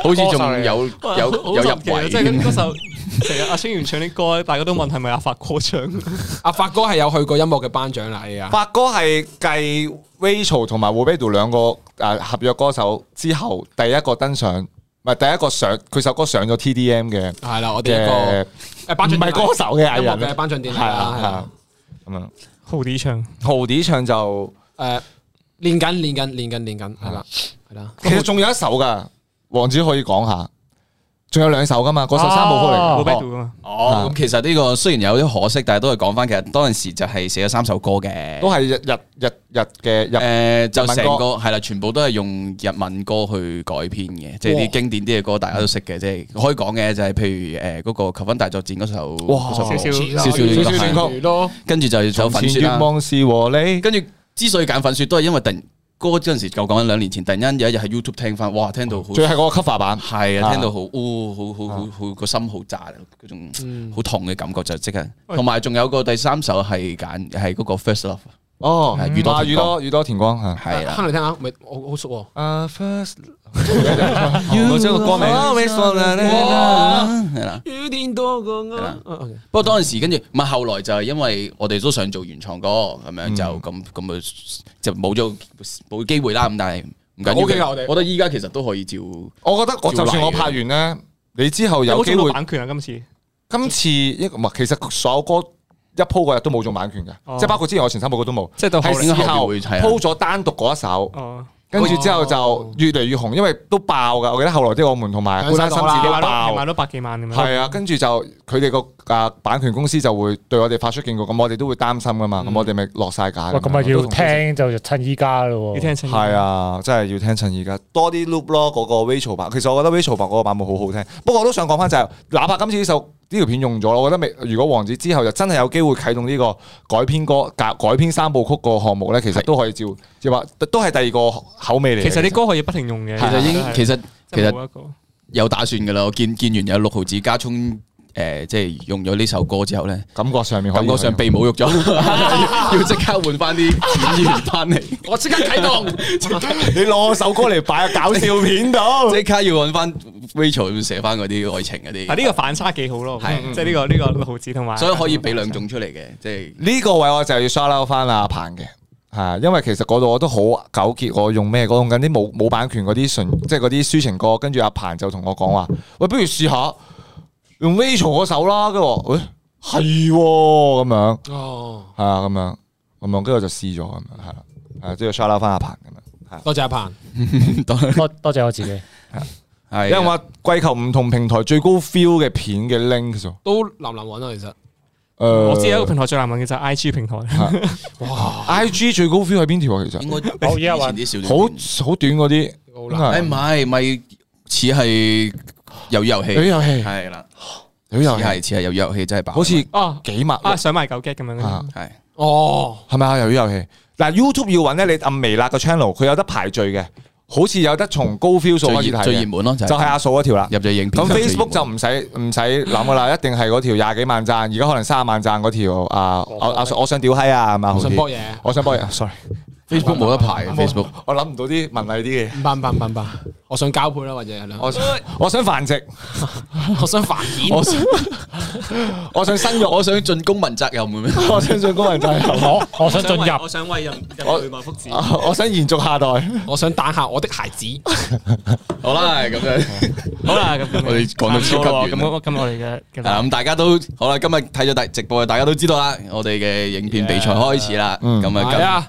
好似仲有有有，有入圍。即係、啊，就是、歌手成日阿、啊、清源唱啲歌大家都問係咪阿發哥唱？阿 發、啊、哥係有去過音樂嘅頒獎禮啊！發哥係繼 Rachel 同埋 Whitney 兩個誒合約歌手之後，之後第一個登上。唔係第一個上，佢首歌上咗 TDM 嘅。係啦，我哋一個唔係、呃、歌手嘅藝人嘅頒獎典禮啦，係啊，咁樣豪 Dee 唱，豪 Dee 唱就誒練緊練緊練緊練緊，係啦係啦，呃、其實仲有一首㗎，王子可以講下。仲有兩首噶嘛？嗰首三部曲嚟，冇咩做噶嘛？哦，咁、哦嗯、其實呢個雖然有啲可惜，但係都係講返其實當時就係寫咗三首歌嘅，都係日日日日嘅、呃、日文就成個係啦，全部都係用日文歌去改編嘅，即係啲經典啲嘅歌，大家都識嘅。即係可以講嘅就係、是、譬如誒嗰、嗰個求婚大作戰嗰首哇少，少少少少少選跟住就粉雪啦，望是和你。跟住之所以揀粉雪，都係因為第。歌嗰陣時就講緊兩年前，突然間有一日喺 YouTube 聽返，哇聽到好，最係嗰個 cover 版，係啊聽到好，哦好好好好個心好炸，嗰種好痛嘅感覺就即係，同埋仲有個第三首係揀係嗰個 First Love。哦，宇多宇多宇多，田光，吓，係啊，聽嚟聽下，咪我好熟喎。啊，first，我真係個歌名，未熟咧。雨天多過不過當時跟住，唔係後來就係因為我哋都想做原創歌，咁樣就咁咁就就冇咗冇機會啦。咁但係唔緊要，我哋，我覺得依家其實都可以照。我覺得我就算我拍完咧，你之後有冇版權啊？今次，今次一個唔係，其實所有歌。一鋪嗰日都冇做版權嘅，哦、即係包括之前我前三部都冇，即係時候鋪咗單獨嗰一首，哦、跟住之後就越嚟越紅，因為都爆噶，我記得後來啲我們同埋好擔心自己爆，賣咗、哦、百幾萬咁樣，係、嗯、啊，跟住就佢哋個。啊、版權公司就會對我哋發出警告，咁我哋都會擔心噶嘛，咁、嗯、我哋咪落晒架。哇，咁咪要聽就趁依家咯，要聽趁依家？係啊，真係要聽趁依家。多啲 loop 咯，嗰、那個 Rachel 白,其實我覺得 Rachel 白嗰個版本好好聽。不過我都想講翻就係、是，哪怕今次呢首呢條片用咗，我覺得未。如果王子之後就真係有機會啟動呢個改編歌改改編三部曲個項目咧，其實都可以照，即係話都係第二個口味嚟。其實啲歌可以不停用嘅。的其實已經，其實其實有打算噶啦。我見見完有六毫子加充。誒，即係用咗呢首歌之後咧，感覺上面感覺上被侮辱咗，要即刻換翻啲演員翻嚟。我即刻睇到，你攞首歌嚟擺喺搞笑片度，即刻要揾翻 Rachel 要寫翻嗰啲愛情嗰啲。呢個反差幾好咯，即係呢個呢個腦子同埋，所以可以俾兩種出嚟嘅。即係呢個位我就要 shout out 翻阿鵬嘅，係因為其實嗰度我都好糾結，我用咩？我用緊啲冇冇版權嗰啲純，即係嗰啲抒情歌。跟住阿鵬就同我講話：，喂，不如試下。用 V 坐我手啦，跟住我，喂，係咁樣，係啊，咁樣，咁樣，跟住我就試咗，咁樣係啦，係即係 share 翻阿鵬咁樣。多謝阿鵬，多多謝我自己。係有人話跪求唔同平台最高 feel 嘅片嘅 link，都難唔難揾啊。其實，誒，我知一個平台最難揾嘅就係 I G 平台。哇，I G 最高 feel 係邊條啊？其實應該我而家話好好短嗰啲，誒，唔係，唔係似係。遊遊戲，遊戲係啦，遊戲係似係遊遊戲真係爆，好似啊幾萬啊上萬九 get 咁樣，係哦係咪啊遊遊戲？嗱 YouTube 要揾咧，你撳微辣個 channel，佢有得排序嘅，好似有得從高 view 數開始睇，最熱門咯，就係阿數嗰條啦，入咗影片。咁 Facebook 就唔使唔使諗噶啦，一定係嗰條廿幾萬讚，而家可能三十萬讚嗰條啊，阿阿我想屌閪啊，係嘛？我想博嘢，我想博嘢，sorry。Facebook 冇得排 Facebook，我諗唔到啲文藝啲嘅。我想交配啦，或者係兩。我想繁殖，我想繁衍，我想生育，我想進公民責任。我想進公民責任。我想進入，我想為人人類我想延續下代，我想打下我的孩子。好啦，咁樣。好啦，我哋講到超級遠。咁咁，我哋嘅咁大家都好啦。今日睇咗大直播，大家都知道啦。我哋嘅影片比賽開始啦。咁啊，啊。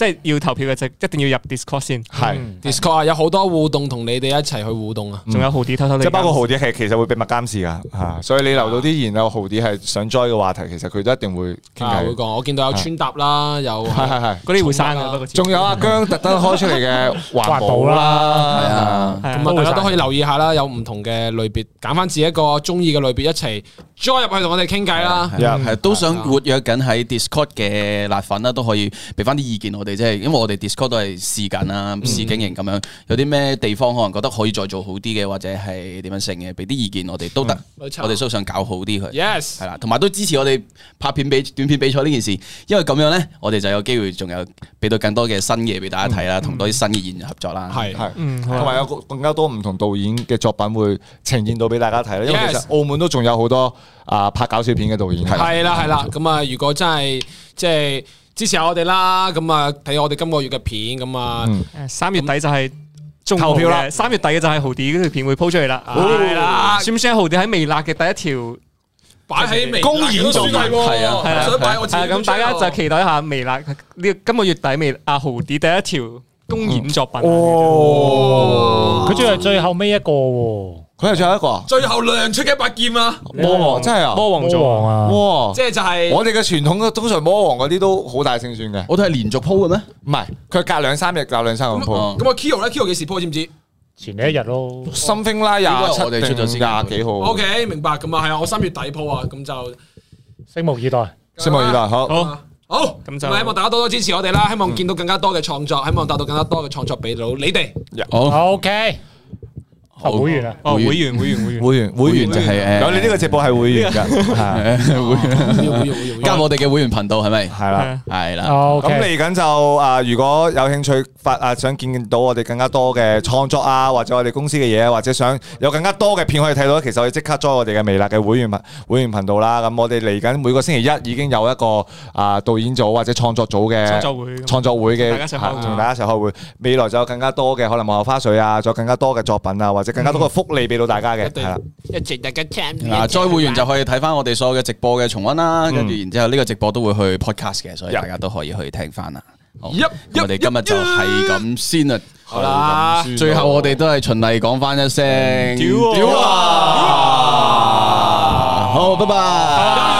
即係要投票嘅，即一定要入 Discord 先。係，Discord 有好多互動，同你哋一齊去互動啊！仲有豪 Dee 偷偷。即係包括豪 Dee 係其實會秘密監視㗎，所以你留到啲然後豪 Dee 係想 join 嘅話題，其實佢都一定會傾偈。會講，我見到有穿搭啦，有係係係嗰啲會刪啊。仲有阿姜特登開出嚟嘅環保啦，係啊，大家都可以留意下啦。有唔同嘅類別，揀翻自己一個中意嘅類別一齊 join 入去同我哋傾偈啦。都想活躍緊喺 Discord 嘅辣粉啦，都可以俾翻啲意見我哋。即係，因為我哋 Discord 都係試緊啦，試經營咁樣，有啲咩地方可能覺得可以再做好啲嘅，或者係點樣成嘅，俾啲意見我哋都得，我哋都想搞好啲佢。Yes，係啦，同埋都支持我哋拍片比短片比賽呢件事，因為咁樣咧，我哋就有機會，仲有俾到更多嘅新嘢俾大家睇啦，同多啲新嘅演員合作啦，係，同埋有更加多唔同導演嘅作品會呈現到俾大家睇啦。因為其實澳門都仲有好多啊拍搞笑片嘅導演。係啦係啦，咁啊，如果真係即係。支持下我哋啦，咁啊，睇我哋今個月嘅片，咁啊、嗯嗯、三月底就係投，投票啦，三月底嘅就係豪 Dee 嗰條片會鋪出嚟、哦、啦，係啦、啊，算唔算豪 Dee 喺微辣嘅第一條擺喺公演作品，係啊，所以係咁，大家就期待一下微辣呢個今個月底微辣豪 Dee 第一條公演作品，嗯、哦，佢仲係最後尾一個。佢係最後一個，最後亮出嘅一把劍啊！魔王真係啊，魔王王啊，哇！即係就係我哋嘅傳統，通常魔王嗰啲都好大勝算嘅。我都係連續鋪嘅咩？唔係，佢隔兩三日隔兩三日鋪。咁啊，Kyo 咧，Kyo 幾時鋪知唔知？前一日咯。Something 啦，廿七幾號。O K，明白。咁啊，係我三月底鋪啊，咁就拭目以待，拭目以待。好，好，咁就希望大家多多支持我哋啦。希望見到更加多嘅創作，希望達到更加多嘅創作俾到你哋。好，O K。會員啊！哦，會員，會員，會員，會員，就係誒。咁你呢個直播係會員㗎，係會員，加我哋嘅會員頻道係咪？係啦，係啦。咁嚟緊就誒，如果有興趣發誒，想見到我哋更加多嘅創作啊，或者我哋公司嘅嘢，或者想有更加多嘅片可以睇到，其實我哋即刻 join 我哋嘅微辣嘅會員物會員頻道啦。咁我哋嚟緊每個星期一已經有一個啊導演組或者創作組嘅創作會嘅，同大家一齊開會。未來就有更加多嘅可能，幕後花絮啊，仲有更加多嘅作品啊，或者。更加多嘅福利俾到大家嘅，係啦，一齊大家參與。啊，再會員就可以睇翻我哋所有嘅直播嘅重温啦，跟住然之後呢個直播都會去 podcast 嘅，所以大家都可以去聽翻啦。好，我哋今日就係咁先啦。最後我哋都係循例講翻一聲，屌啊！好，拜拜。